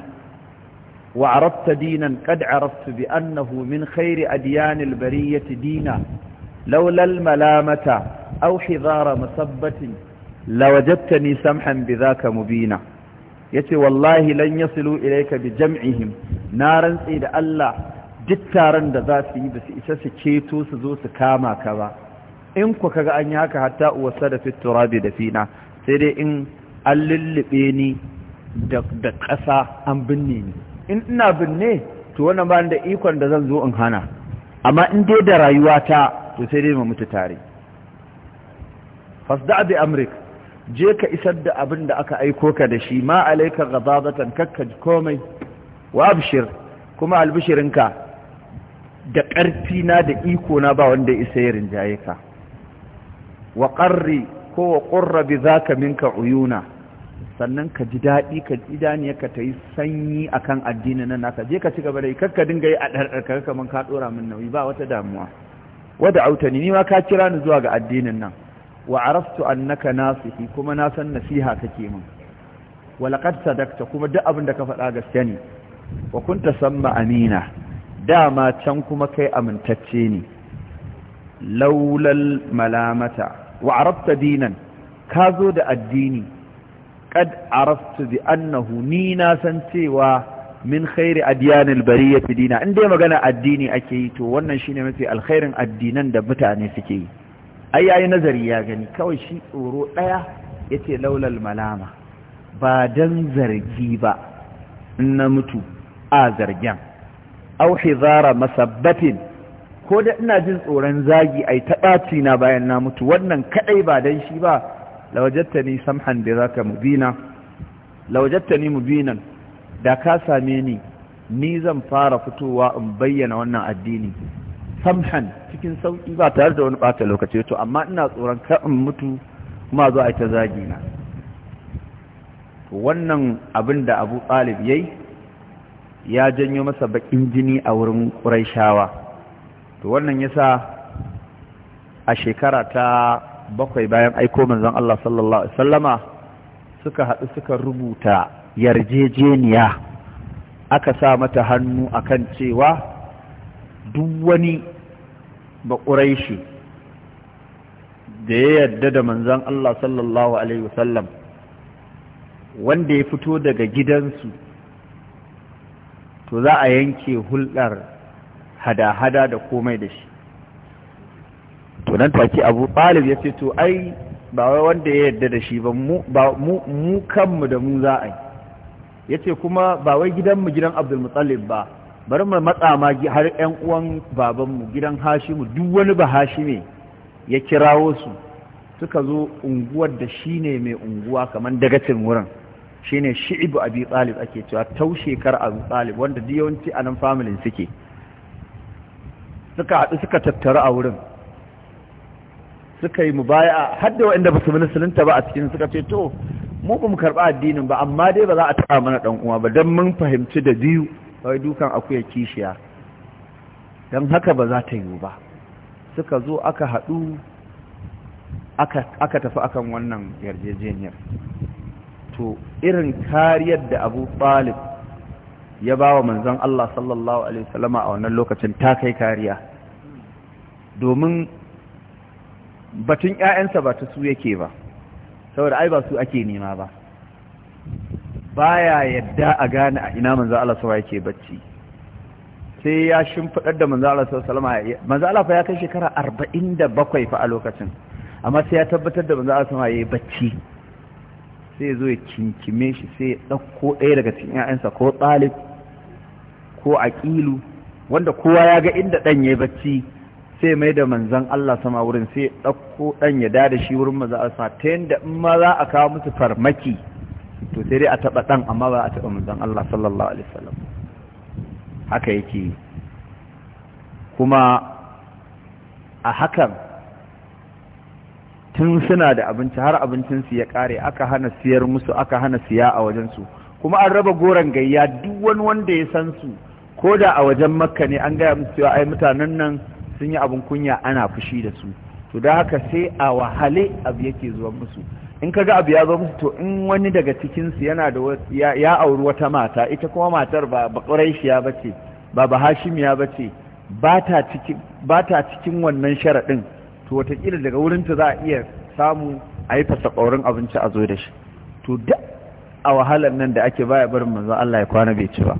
وعرفت دينا قد عرفت بأنه من خير أديان البرية دينا لولا الملامة أو حذار مسبة لوجدتني سمحا بذاك مبينا yace wallahi lan yasilu ilayka bi jam'ihim na rantsi da Allah duk taron da za su yi ba su isa su ceto su zo su kama ka ba in ku kaga an yi haka hatta uwasa da fiturabi da fina sai dai in an lullube ni da ƙasa an binne ni in ina binne to wannan ba da ikon da zan zo in hana amma in dai da ta to sai dai mu mutu tare fasda bi amrik je ka isar da abin da aka aiko ka da shi ma alaika ghadabatan kakka komai wa abshir kuma albishirinka da ƙarfi na da iko na ba wanda isa ya rinjaye ka wa ƙarri ko wa ƙurrabi za ka minka uyuna sannan ka ji daɗi ka ji ka ta yi sanyi a kan addinin nan naka je ka ci gaba da yi kakka dinga yi a ɗarɗarka kamar ka ɗora min nauyi ba wata damuwa wadda auta ni ma ka kira ni zuwa ga addinin nan wa araftu annaka nasihi kuma na san nasiha kake min wa laqad sadaqta kuma duk abin da ka faɗa gaskiya ne wa kunta samma amina dama can kuma kai amintacce ne laulal malamata wa arabta dinan ka zo da addini kad araftu bi annahu ni na san cewa min khairi bari yafi dina in dai magana addini ake yi to wannan shine mafi alkhairin addinan da mutane suke yi a yayi nazari ya gani kawai shi tsoro daya yace laulal malama ba dan zargi ba in na mutu a zargen au hizara masabbatin ko da ina jin tsoron zagi ai ta ɓaci na bayan na mutu wannan kaɗai ba dan shi ba lawajatta ni samhan da zaka mubina lawajatta ni mubinan da ka same ni ni zan fara fitowa in bayyana wannan addini samhan cikin sauƙi ba tare da wani ɓata lokaci to amma ina tsoron kar in mutu kuma zo a ta zagi na wannan abin da abu ɗalib yayi ya janyo masa baƙin jini a wurin ƙuraishawa to wannan yasa a shekara ta bakwai bayan aiko manzon Allah sallallahu alaihi wasallama suka haɗu suka rubuta yarjejeniya aka sa mata hannu akan cewa duk wani ƙuraishi da ya yarda da manzon Allah sallallahu alaihi wasallam wanda ya fito daga gidansu to za a yanke hulɗar hada-hada da komai da shi to nan take abu ɗalib ya ce to ai ba wai wanda ya yarda da shi ba mu kanmu da mu za a yi ya ce kuma ba wai gidanmu gidan abdulmutsalib ba bari mu matsa ma har 'yan uwan babanmu gidan hashimu duk wani ba hashime ya kirawo su suka zo unguwar da shi ne mai unguwa kamar dagacin wurin shi ne shi'ibu abi tsalib ake cewa tau kar abu tsalib wanda diyawanci a nan familin suke suka haɗu suka tattaru a wurin suka yi mubaya har da waɗanda ba su ba a cikin suka ce to mu ba mu karɓi addinin ba amma dai ba za a taɓa mana ɗan uwa ba don mun fahimci da biyu wai dukan akuya kishiya don haka ba za ta yiwu ba suka zo aka haɗu aka tafi akan wannan yarjejeniyar to irin kariyar da abu ɓalib ya ba wa manzon Allah sallallahu alaihi wasallama a wannan lokacin ta kai kariya domin batun ƴaƴansa ba ta su yake ba saboda ai ba su ake nema ba baya yadda a gane a ina manzon Allah sallallahu yake bacci sai ya shimfiɗar da manzon Allah sallallahu alaihi wasallama manzon Allah fa ya kai shekara 47 fa a lokacin amma sai ya tabbatar da manzon Allah sallallahu alaihi wasallama bacci sai zo ya kinkime shi sai ya ɗauko ɗaya daga cikin ‘ya'yansa ko ɗalib ko aƙilu wanda kowa ya ga inda ɗan ya yi bacci sai mai da manzan Allah sama wurin sai ya ɗauko ɗan ya dada shi wurin maza a sa ta yadda in ma za a kawo musu farmaki to sai dai a taɓa ɗan amma ba a taɓa manzan Allah sallallahu alaihi wasallam haka yake kuma a hakan tun suna da abinci har abincinsu ya kare aka hana siyar musu aka hana siya a wajensu kuma an raba goron gayya duk wani wanda ya san su ko da a wajen makka ne an gaya musu cewa ai mutanen nan sun yi abin kunya ana fushi da su to da haka sai a wahale abu yake zuwa musu in ka ga abu ya zo musu to in wani daga cikinsu yana da ya auri wata mata ita kuma matar ba bakuraishiya ba ce ba ba hashimiya ba ce ba ta cikin wannan sharaɗin to watakila daga wurinta za a iya samu a yi fasa ƙaurin abinci a zo da shi to duk a wahalar nan da ake baya barin manzon Allah ya kwana bai ci ba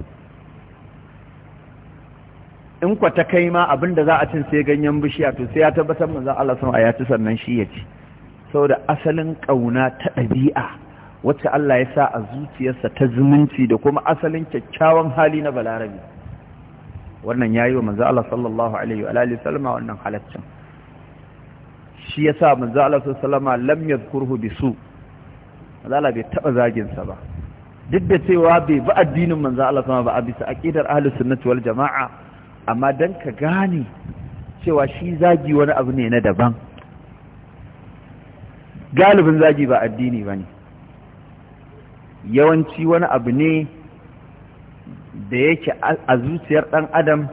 in kwa ta kai ma abin da za a cin sai ganyen bishiya to sai ya tabbatar manzon Allah sun ya ci sannan shi ya ci saboda asalin ƙauna ta ɗabi'a wacce Allah ya sa a zuciyarsa ta zumunci da kuma asalin kyakkyawan hali na balarabi wannan yayi wa manzon Allah sallallahu alaihi wa alihi sallama wannan halaccin shi ya yasa manzo Allah sallallahu lam yadhkurhu bisu Allah bai taba zagin sa ba duk da cewa bai bi addinin manzo Allah sama ba a bisa aqidar ahlus sunnati wal jamaa amma dan ka gane cewa shi zagi wani abu ne na daban galibin zagi ba addini bane yawanci wani abu ne da yake a zuciyar ɗan adam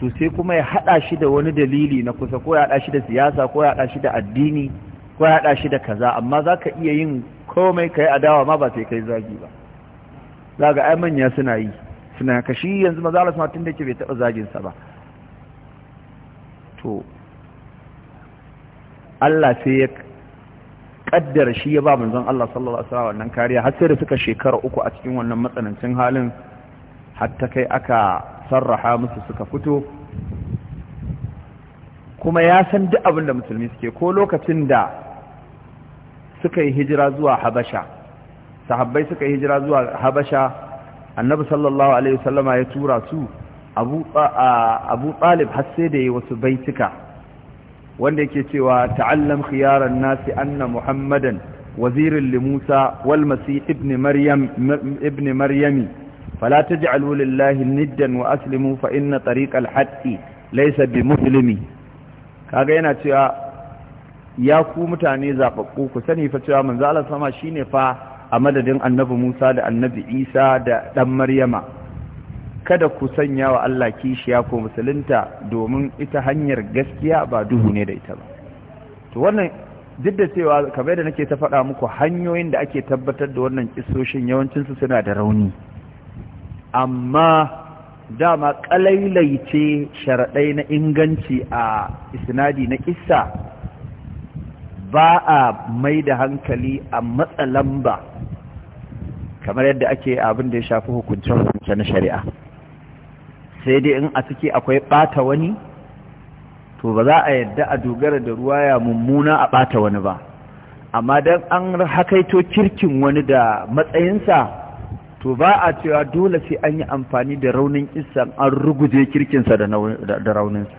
to sai kuma ya haɗa shi da wani dalili na kusa ko ya hada shi da siyasa ko ya hada shi da addini ko ya hada shi da kaza amma zaka iya yin komai kai adawa ma ba sai kai zagi ba zaga ai manya suna yi suna kashi yanzu maza Allah tun da ke bai taba zagin sa ba to Allah sai ya kaddara shi ya ba manzon Allah sallallahu alaihi wasallam wannan kariya har sai da suka shekara uku a cikin wannan matsanancin halin hatta kai aka sarraha musu suka fito kuma ya san duk abin da musulmi suke ko lokacin da suka yi hijira zuwa habasha sahabbai suka yi hijira zuwa habasha annabi sallallahu alaihi wasallama ya tura su abu talib har sai da yi wasu baituka wanda yake cewa ta'allam khiyaran nasi anna muhammadan wazirin limusa walmasi ibn maryami فلا تجعلوا لله ندا واسلموا فان طريق الحق ليس بمسلمي kaga yana cewa ya ku mutane zaɓaɓɓu ku sani fa cewa manzo Allah sama shine fa a madadin annabi Musa da annabi Isa da dan Maryama kada ku sanya wa Allah kishiya ko musulunta domin ita hanyar gaskiya ba duhu ne da ita ba to wannan duk cewa kamar da nake ta faɗa muku hanyoyin da ake tabbatar da wannan kissoshin yawancinsu suna da rauni amma dama kalailaice sharaɗai na inganci a isnadi na kissa ba a mai da hankali a matsalan ba kamar yadda ake abin da ya shafi hukuncin hukunce na shari'a sai dai in a ciki akwai ɓata wani to ba za a yadda a dogara da ruwa ya mummuna a ɓata wani ba amma don an hakaito kirkin wani da matsayinsa to ba a cewa dole sai an yi amfani da raunin isan an ruguje kirkinsa da rauninsa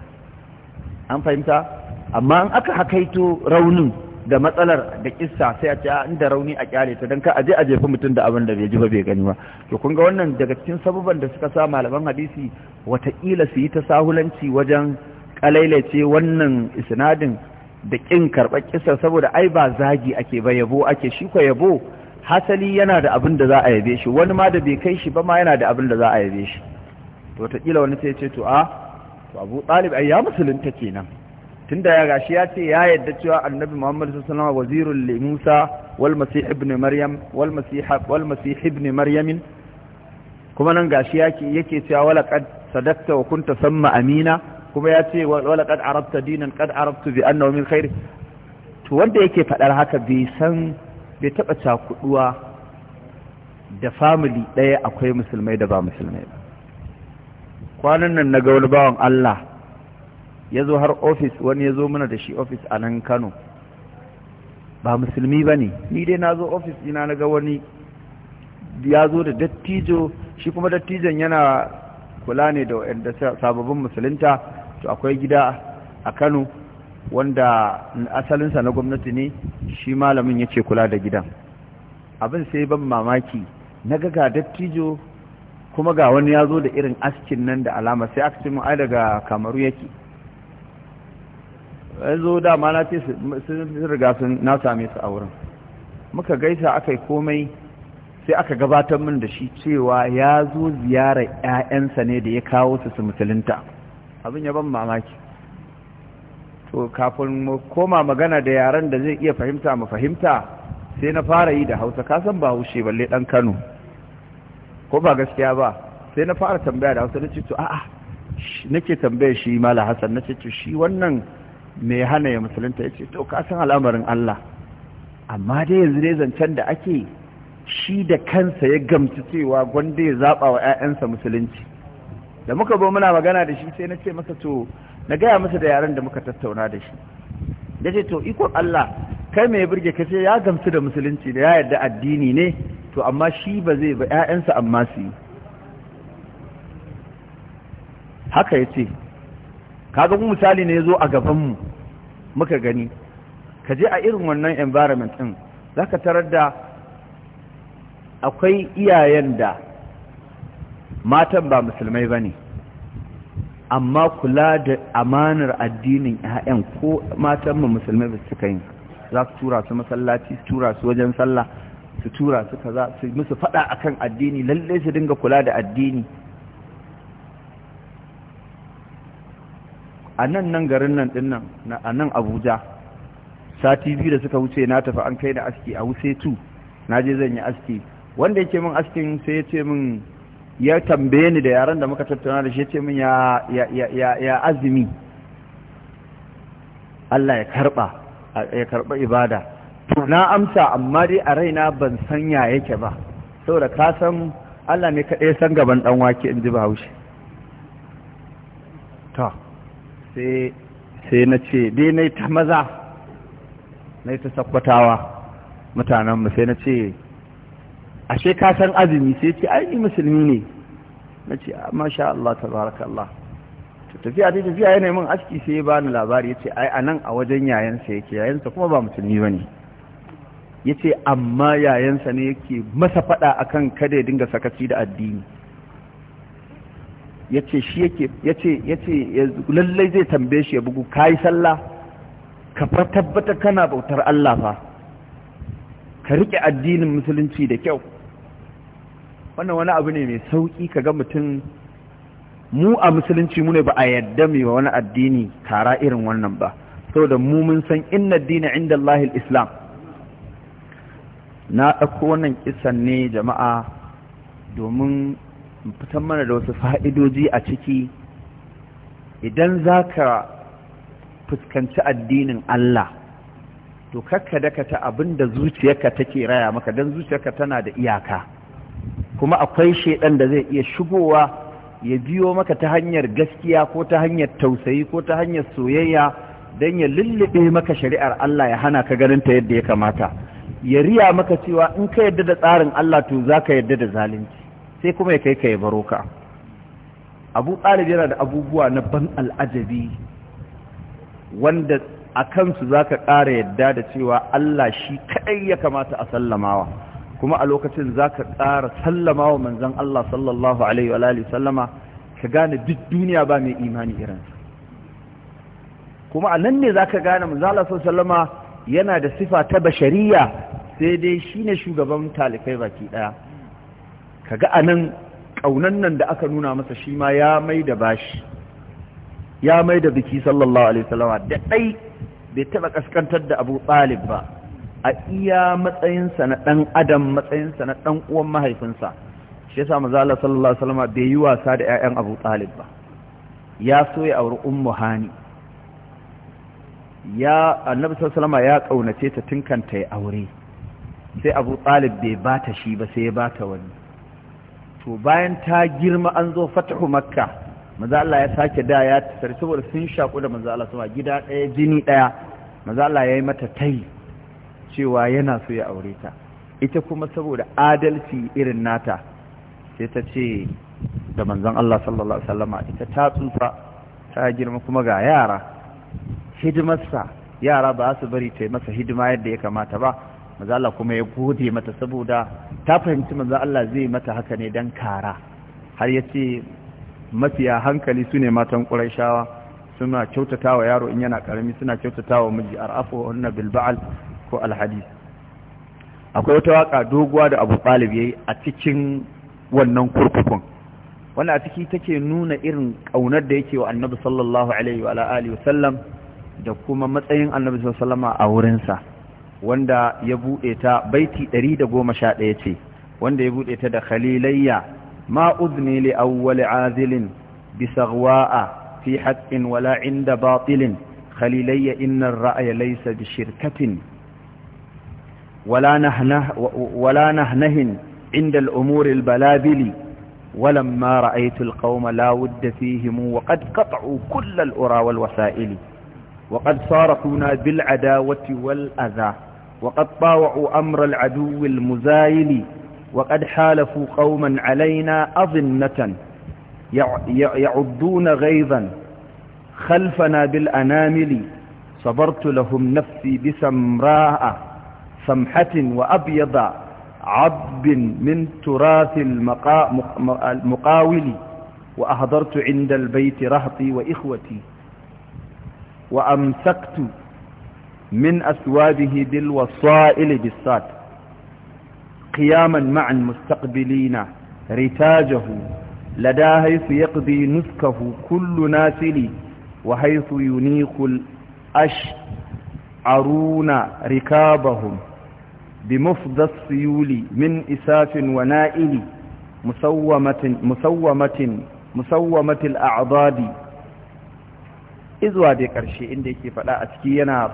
an fahimta amma an aka hakaito raunin da matsalar da kissa sai a ce ah, inda rauni a kyale ta dan ka aje a jefi mutum da abin da bai ji ba bai gani ba to kun ga wannan daga cikin sababan da suka sa malaman hadisi wataƙila su yi ta sahulanci wajen kalailace wannan isnadin da kin karɓar kissa saboda ai ba zagi ake ba yabo ake shi ko yabo hasali yana da abin da za a yabe shi wani ma da bai kai shi ba ma yana da abin da za a yabe shi to wataƙila wani sai ce to a ah, to abu ɗalib ya musulunta kenan tunda ya gashi ya ce ya yadda cewa annabi muhammad sallallahu alaihi wasallam wazirul musa wal ibn maryam kuma nan gashi yake yake cewa wala qad sadaqta wa kunta samma amina kuma ya ce wala qad arabta dinan qad arabtu bi annahu min khairi to wanda yake fadar haka bai san bai taɓa cakuduwa da famili ɗaya akwai musulmai da ba musulmai ba kwanan nan na ga wani bawan Allah ya zo har ofis wani ya zo mana da shi ofis a nan Kano ba musulmi ba ne ni dai na zo ofis ina na ga wani ya zo da dattijo shi kuma dattijon yana kula ne da sababbin musulunta to akwai gida a Kano wanda asalinsa na gwamnati ne shi malamin ya ce kula da gidan abin sai ban mamaki na ga dattijo kuma ga wani ya zo da irin askin nan da alama sai aka ce ai daga kamaru yake ya zo dama na ce sun sun na same su a wurin muka gaisa aka yi komai sai aka gabatar min da shi cewa ya zo ziyarar 'ya'yansa ne da ya kawo su su musulunta abin ya ban mamaki to kafin mu koma magana da yaren da zai iya fahimta mu fahimta sai na fara yi da hausa ka san ba haushe balle dan kano ko ba gaskiya ba sai na fara tambaya da hausa na ce to a'a nake tambaya shi mala hasan na ce to shi wannan me hana ya musulunta ya ce to san al'amarin allah amma dai yanzu ne zancen da ake shi da kansa ya gamci cewa gwanda ya zaɓa wa 'ya'yansa musulunci da muka zo muna magana da shi sai na ce masa to na gaya masa da yaren da muka tattauna da shi ya ce to ikon Allah kai mai burge ka ce ya gamsu da musulunci da ya yarda addini ne to amma shi ba zai ba 'ya'yansa amma su yi haka yace ce kaga mu misali ne ya a gaban mu muka gani kaje a irin wannan environment ɗin zaka tarar da akwai iyayen da matan ba musulmai bane ne amma kula da amanar addinin 'ya'yan ko matan mu musulmai ba suka kai za su tura su masallaci su tura su wajen sallah su tura su kaza su musu fada akan addini lalle su dinga kula da addini a nan nan garin nan din nan a nan abuja sati biyu da suka wuce na tafi an kai da aski a wuce tu na je zan yi aski wanda yake min askin sai ya ce min ya tambaye ni da yaran da muka tattauna da shi ce min ya ya azumi Allah ya karba ya karba ibada to na amsa amma dai a raina ban san ya yake ba saboda ka san Allah ne kaɗai san gaban dan wake in ji Bahaushe to sai sai na ce dai na ta maza na ta sakkwatawa mutanenmu sai na ce ashe ka san azumi sai ce ai musulmi ne na ce ah, masha Allah Allah to tafiya dai tafiya yana min aski sai ya bani labari ya ce ai anan a wajen yayansa yake yayansa kuma ba musulmi ba ne ya ce amma yayansa ne yake masa faɗa akan kada ya dinga sakaci da addini ya ce shi yake ya ce ya lallai zai tambaye shi ya bugu ka sallah ka fa tabbata kana bautar Allah fa ka rike addinin musulunci da kyau wannan wani abu ne mai sauƙi ga mutum mu a musulunci mu ne ba a yadda mai wa wani addini tara irin wannan ba saboda mu mun san inna dina inda Allah islam na ɗauko wannan kisan ne jama'a domin fitan mana da wasu fa'idoji a ciki idan za ka fuskanci addinin Allah to kakka ka ta abin da zuciyarka take raya maka don zuciyarka tana da iyaka kuma akwai shaidan da zai iya shigowa ya biyo maka ta hanyar gaskiya ko ta hanyar tausayi ko ta hanyar soyayya don ya lullube maka shari'ar Allah ya hana ka ganin ta yadda ya kamata ya riya maka cewa in ka yadda da tsarin Allah to za ka yadda da zalunci sai kuma ya kai ka ya baro ka abu ɗalib yana da abubuwa na ban al'ajabi wanda a kansu za ka ƙara yadda da cewa Allah shi kaɗai ya kamata a sallamawa kuma a lokacin za ka ƙara sallama wa manzan Allah sallallahu Alaihi wa sallama ka gane duk duniya ba mai imani irinsa kuma a nan ne za ka gane manzala sallama yana da sifa ta bashariya sai dai shi ne shugaban talifai baki ɗaya ka ga a nan ƙaunan nan da aka nuna masa shi ma ya mai da bashi ya mai da biki sallallahu Alaihi sallama da ɗai bai taɓa ƙaskantar da abu ba a iya matsayinsa na ɗan adam matsayinsa na ɗan uwan mahaifinsa shi yasa manzo Allah sallallahu alaihi wasallam bai yi wasa da ƴaƴan Abu Talib ba ya so ya auri ummu hani ya annabi sallallahu alaihi ya kaunace ta tinkanta ya aure sai Abu Talib bai bata shi ba sai ya bata wani to bayan ta girma an zo fatahu makka manzo Allah ya sake da ya tsare saboda sun shaku da manzo Allah gida ɗaya jini ɗaya manzo Allah ya yi mata tayi cewa yana so ya aure ta ita kuma saboda adalci irin nata sai ta ce da manzon Allah sallallahu alaihi wasallama ita ta tsufa ta girma kuma ga yara hidimarsa yara ba su bari ta yi masa hidima yadda ya kamata ba manzon Allah kuma ya gode mata saboda ta fahimci manzon Allah zai mata haka ne dan kara har yace mafiya hankali su ne matan Qurayshawa suna kyautatawa yaro in yana karami suna kyautata wa miji arafu wa annabil ba'al ko alhadis akwai wata waka doguwa da abu ɗalib ya a cikin wannan kurkukun wanda a ciki take nuna irin ƙaunar da yake wa annabi sallallahu alaihi wa alihi wasallam da kuma matsayin annabi sallallahu alaihi a sa wanda ya buɗe ta baiti 111 ce wanda ya buɗe ta da khalilayya ma uzni li awwal azilin bi saghwa'a fi haqqin wala inda batilin khalilayya inna ar-ra'ya laysa bi shirkatin ولا نهنه ولا نهنهن عند الأمور البلابل ولما رأيت القوم لا ود فيهم وقد قطعوا كل الأرى والوسائل وقد صارفونا بالعداوة والأذى وقد طاوعوا أمر العدو المزايل وقد حالفوا قوما علينا أظنة يعدون غيظا خلفنا بالأنامل صبرت لهم نفسي بسمراء سمحة وأبيض عضب من تراث المقاول وأهضرت عند البيت رهطي وإخوتي وأمسكت من أسواده بالوصائل بالصاد قياما مع المستقبلين رتاجه لدى حيث يقضي نسكه كل ناسل وحيث ينيخ الأشعرون ركابهم بمفضى السيول من إساف ونائل مسومة, مسومة, مسومة الأعضاد إذوا دي كرشي إنديكي فلا أتكينا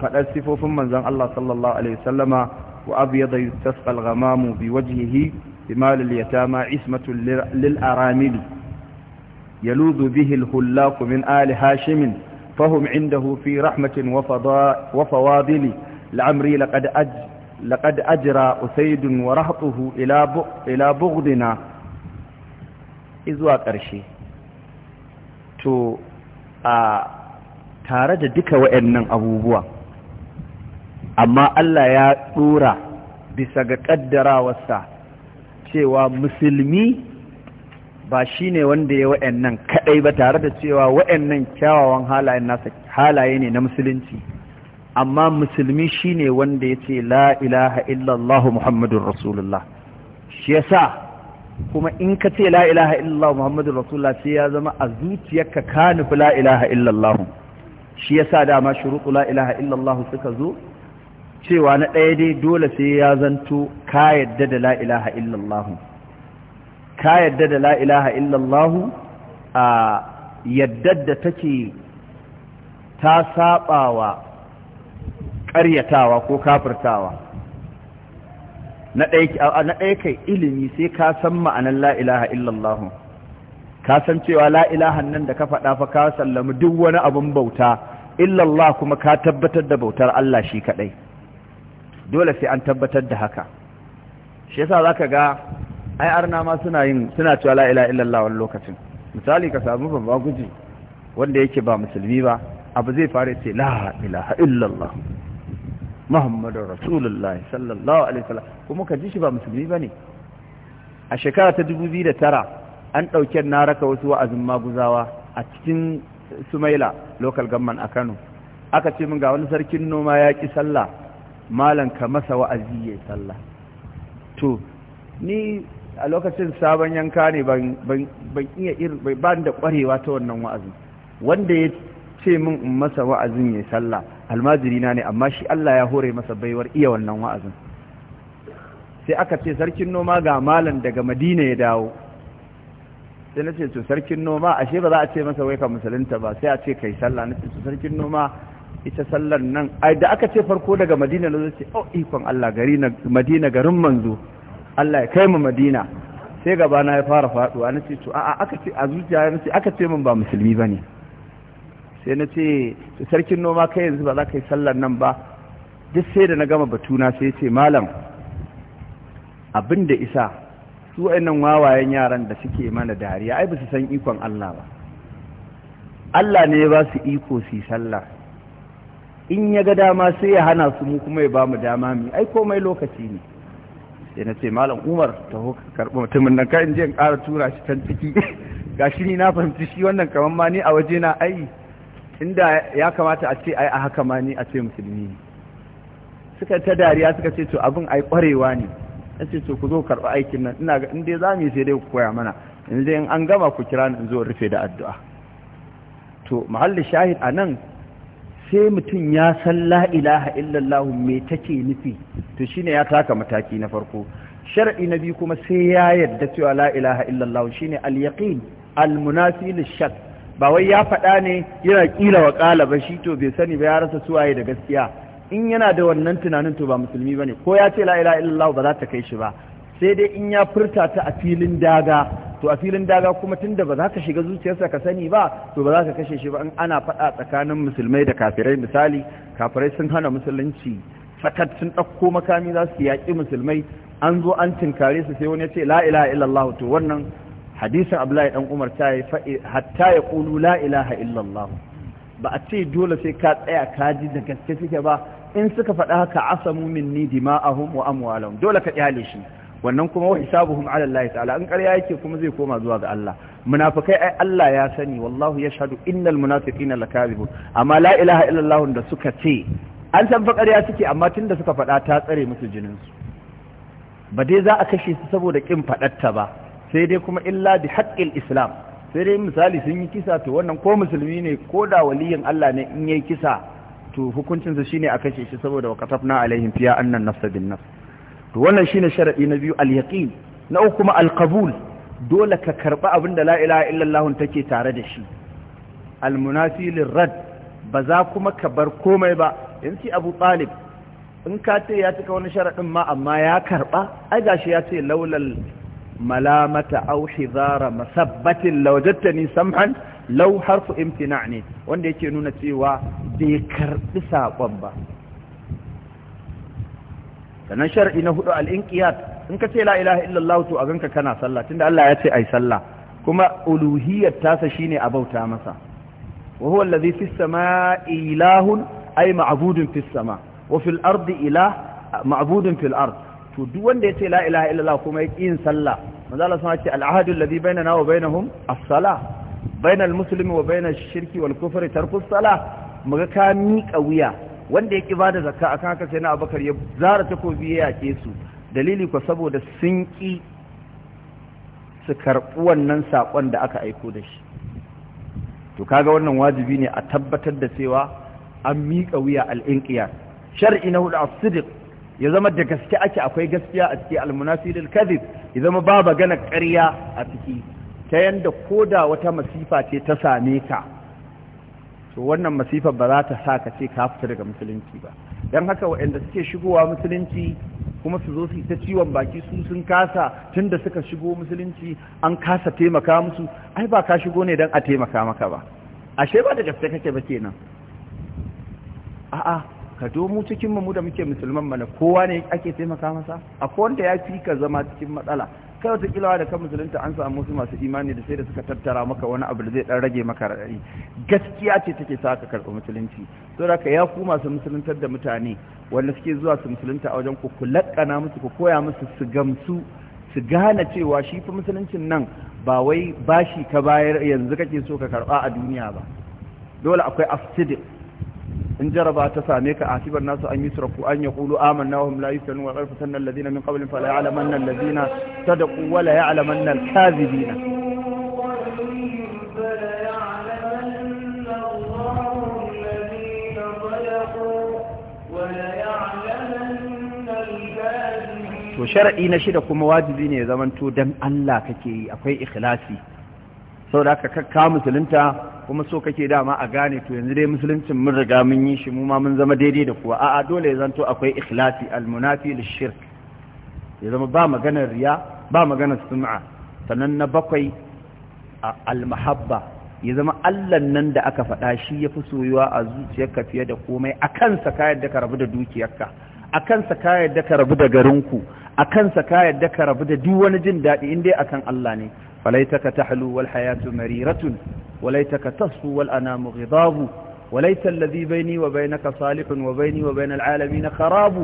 فلا أسفو ثم زن الله صلى الله عليه وسلم وأبيض يتسقى الغمام بوجهه بمال اليتامى عسمة للأرامل يلوذ به الهلاق من آل هاشم فهم عنده في رحمة وفضاء وفواضل لعمري لقد أجل لقد أجرى أسيد ورهطه إلى بغضنا إذوا ƙarshe to a tare da duka waɗannan abubuwa amma Allah ya ɗora bisa ga ƙaddarawarsa cewa musulmi ba shine wanda ya waɗannan kaɗai ba tare da cewa waɗannan kyawawan halaye ne na musulunci amma musulmi shine wanda ya ce la ilaha illallah muhammadun rasulullah shi yasa kuma in ka ce la ilaha illallah muhammadun rasulullah sai ya zama a zuciyarka ka nufi la ilaha illallah shi yasa dama shuruɗu la ilaha illallah suka zo cewa na ɗaya dai dole sai ya zanto ka yadda da la ilaha illallah ka yadda da la ilaha illallah a Yadda da take ta saɓawa ƙaryatawa ko kafirtawa na ɗaya kai ilimi sai ka san ma'anar la'ilaha illallah ka san cewa la'ilahan nan da ka faɗa fa ka sallami duk wani abun bauta illallah kuma ka tabbatar da bautar Allah shi kaɗai dole sai an tabbatar da haka shi yasa za ka ga ai arna ma suna yin suna cewa la'ilaha illallah wani lokacin misali ka samu babba guji wanda yake ba musulmi ba abu zai fara sai la ilaha illallah Muhammadu rasulullahi sallallahu alaihi wasallam kuma ka ji shi ba musulmi ba ne a shekara ta da tara, an ɗauke na raka wasu wa'azin maguzawa a cikin sumaila local government a kano aka ce min ga wani sarkin noma ya ƙi sallah malam ka masa wa'azi ya sallah to ni a lokacin sabon yanka ne ban iya irin ban da ƙwarewa ta wannan wa'azin wanda ya ce min in masa wa'azin ya sallah almajiri na ne amma shi Allah ya hore masa baiwar iya wannan wa'azin sai aka ce sarkin noma ga malam daga madina ya dawo sai na ce to sarkin noma ashe ba za a ce masa wai ka musulunta ba sai a ce kai sallah na ce to sarkin noma ita sallar nan a da aka ce farko daga madina na ce au oh, ikon Allah gari na madina garin manzo Allah ya kai mu madina sai gaba na ya fara a na ce to a'a aka ce a zuciya na ce aka ce min ba musulmi ba ne. sai na ce sarkin noma kai yanzu ba za ka yi sallar nan ba duk sai da na gama batuna sai ce malam abin da isa su wayannan wawayen yaran da suke mana dariya ai ba su san ikon Allah ba Allah ne ya ba su iko su sallah in ya ga dama sai ya hana su mu kuma ya ba mu dama mu ai komai lokaci ne sai na ce malam Umar taho ka karɓi mutumin nan ka in ƙara tura shi can ciki gashi ni na fahimci shi wannan kamar ma ni a waje na ai inda ya kamata a ce ai a haka ma ni a ce musulmi ne suka ta dariya suka ce to abin ai kwarewa ne na ce to ku zo karɓi aikin nan ina ga inda za mu yi sai dai ku koya mana in in an gama ku kira ni in zo rufe da addu'a to mahallin shahid a nan sai mutum ya san la ilaha illallah me take nufi to shine ya taka mataki na farko shar'i na biyu kuma sai ya yarda cewa la ilaha illallah shine al-yaqin al-munafi ba wai ya faɗa ne yana ƙila wa ƙala ba shi to bai sani ba ya rasa suwaye da gaskiya in yana da wannan tunanin to ba musulmi ne ko ya ce la'ila illallah ba za ta kai shi ba sai dai in ya furta ta a filin daga to a filin daga kuma tunda ba za ka shiga zuciyarsa ka sani ba to ba za ka kashe shi ba in ana faɗa tsakanin musulmai da kafirai misali kafirai sun hana musulunci fakat sun ɗauko makami za su yaƙi musulmai an zo an tinkare su sai wani ya ce la'ila illallah to wannan hadisin abdullahi dan umar ta yi hatta ya kulu, la ilaha illallah ba a ce dole sai ka tsaya ka ji da gaske suke ba in suka faɗa haka asamu minni dima'ahum wa amwalahum dole ka kyale shi wannan kuma wa hisabuhum ala Allah ta'ala in ƙarya yake kuma zai koma zuwa ga Allah munafikai ai Allah ya sani wallahu yashhadu innal munafiqina lakazibun amma la ilaha illallah da suka ce an san fa ƙarya suke amma tunda suka faɗa ta tsare musu jinin su ba dai za a kashe su saboda kin faɗarta ba sai dai kuma illa bi haqqil islam sai dai misali sun yi kisa to wannan ko musulmi ne ko da waliyin Allah ne in yi kisa to hukuncinsa shine a kashe shi saboda waqatafna alaihim fiya annan nafs bin nafs to wannan shine sharadi na biyu al yaqin na uku kuma al qabul dole ka karba abinda la ilaha illallah take tare da shi al munafi rad ba za kuma ka bar komai ba yanzu Abu Talib in ka ce ya cika wani sharadin ma amma ya karba ai gashi ya ce laulal malamata auhi hizara masabbatin law jattani samhan law harfu imtina' ne wanda yake nuna cewa bai karbi sakon ba sannan shar'i na hudu al'inkiyat in ka ce la ilaha illallah to a ganka kana sallah tunda Allah ya ce ai sallah kuma ta tasa shine a bauta masa wa huwa allazi fis samaa'i ilahun ay ma'budun fis wa fil ardi ilah ma'budun fil to duk wanda yace la ilaha illallah kuma yake yin sallah manzo Allah sun ce al'ahadu alladhi bainana wa bainahum as-salah bainal muslimi wa bainash shirki wal kufri tarku as-salah muga ka miƙa wuya wanda yake bada zakka akan haka sai na Abubakar ya zara takobi ya yake su dalili ko saboda sun ki su karɓi wannan saƙon da aka aiko da shi to kaga wannan wajibi ne a tabbatar da cewa an miƙa wuya al-inqiyar shar'i na hudu a sidiq ya zama da gaske ake akwai gaskiya a ciki almunasiril kadhib ya zama ba gana ƙarya a ciki ta yanda da wata masifa ce ta same ka to wannan masifa ba za ta sa ka ce ka fita daga musulunci ba don haka waɗanda suke shigowa musulunci kuma su zo su ta ciwon baki su sun kasa tunda suka shigo musulunci an kasa taimaka musu ai ba ka shigo ne don a taimaka maka ba ashe ba da gaske kake ba kenan a'a ka domu cikin mu da muke musulman mana kowa ne ake taimaka masa akwai wanda ya fi ka zama cikin matsala kai wata kilawa da kan musulunta an samu wasu masu imani da sai da suka tattara maka wani abu da zai dan rage maka raɗaɗi gaskiya ce take sa ka karɓi musulunci saboda ka ya ku masu musuluntar da mutane wanda suke zuwa su musulunta a wajen ku ku lakkana musu ku koya musu su gamsu su gane cewa shi fa musuluncin nan ba wai bashi ka bayar yanzu kake so ka karɓa a duniya ba dole akwai afsidik إن جرب جربا تسانيك آتب الناس أن يسرقوا أن يقولوا آمنا وهم لا يسألوا وغير فسن الذين من قبل فلا يعلمن الذين صدقوا ولا يعلمن الكاذبين to shar'i na shida kuma wajibi ne zaman to dan Allah kake akwai ikhlasi saboda aka kakka musulunta kuma so kake dama a gane to yanzu dai musuluncin mun riga mun yi shi mu ma mun zama daidai da kuwa a'a dole ya zanto akwai ikhlasi almunafi lishirk ya zama ba maganar riya ba maganar sum'a sannan na bakwai almahabba ya zama allan nan da aka faɗa shi ya fi soyuwa a zuciyarka fiye da komai a kansa ka yadda ka rabu da dukiyarka a kansa ka yadda ka rabu da garinku a kansa ka yadda ka rabu da duk wani jin daɗi in dai akan Allah ne فليتك تحلو والحياة مريرة وليتك تصفو والأنام غضاب وليت الذي بيني وبينك صالح وبيني وبين العالمين خراب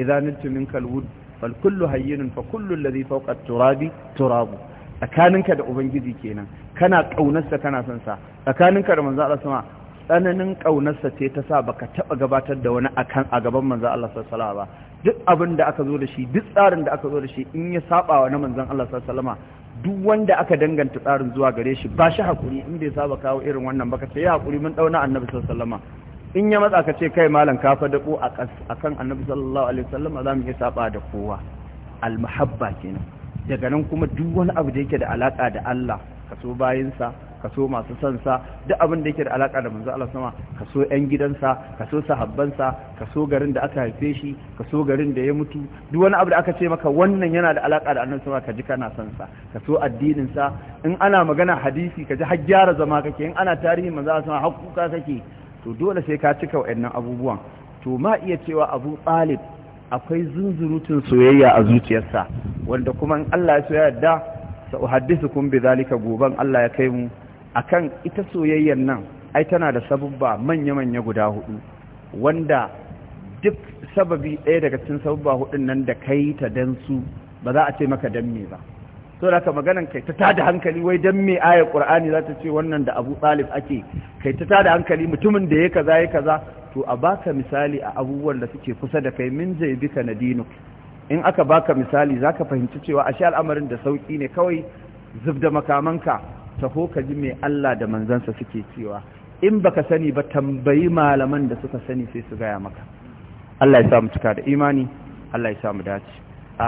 إذا نلت منك الود فالكل هين فكل الذي فوق التراب تراب أكاننك دعوبين جدي كينا كانت أو نسة كانت سنسا أكاننك رمزاء الله سماء أننك أو نسة تتسابك تأقبات الدونة أكان أقبا منزاء الله صلى الله عليه وسلم دعوبين دعك ذول الشي دعوبين دعك ذول الشي إني سابع ونمنزاء الله صلى الله عليه وسلم duk wanda aka danganta tsarin zuwa gare shi ba shi hakuri in bai saba kawo irin wannan ba ka ce ya hakuri mun dauna annabi sallallahu in ya matsa ka ce kai malam ka fa dako akan annabi sallallahu alaihi wasallama za mu iya saba da kowa al-muhabba kenan daga nan kuma duk wani abu da yake da alaka da Allah kaso bayinsa kaso masu sansa duk abin da yake da alaka da manzo Allah sama kaso ƴan gidansa kaso sahabbansa kaso garin da aka haife shi kaso garin da ya mutu duk wani abu da aka ce maka wannan yana da alaka da annabi sama ka ji kana sansa kaso addinin sa in ana magana hadisi ka ji har gyara zama kake in ana tarihi manzo Allah sama hakuka kake to dole sai ka cika wa'annan abubuwan to ma iya cewa Abu Talib akwai zunzurutun soyayya a zuciyarsa wanda kuma in Allah ya so ya yarda bi zalika goban Allah ya kai mu akan ita soyayyar nan ai tana da sababba manya-manya guda hudu wanda duk sababi ɗaya daga cikin sababba hudun nan da kai ta dan su ba za a ce maka dan me ba to da ka maganan kai ta tada hankali wai dan me ayar qur'ani za ta ce wannan da Abu Talib ake kai ta tada hankali mutumin da ya kaza ya kaza to a baka misali a abubuwan da suke kusa da kai min zai bika nadinuk in aka baka misali za ka fahimci cewa ashe al'amarin da sauƙi ne kawai zubda makamanka taho ka ji mai Allah da manzansa suke cewa in baka sani ba tambayi malaman da suka sani sai su gaya maka Allah ya sa cika da imani Allah ya sa dace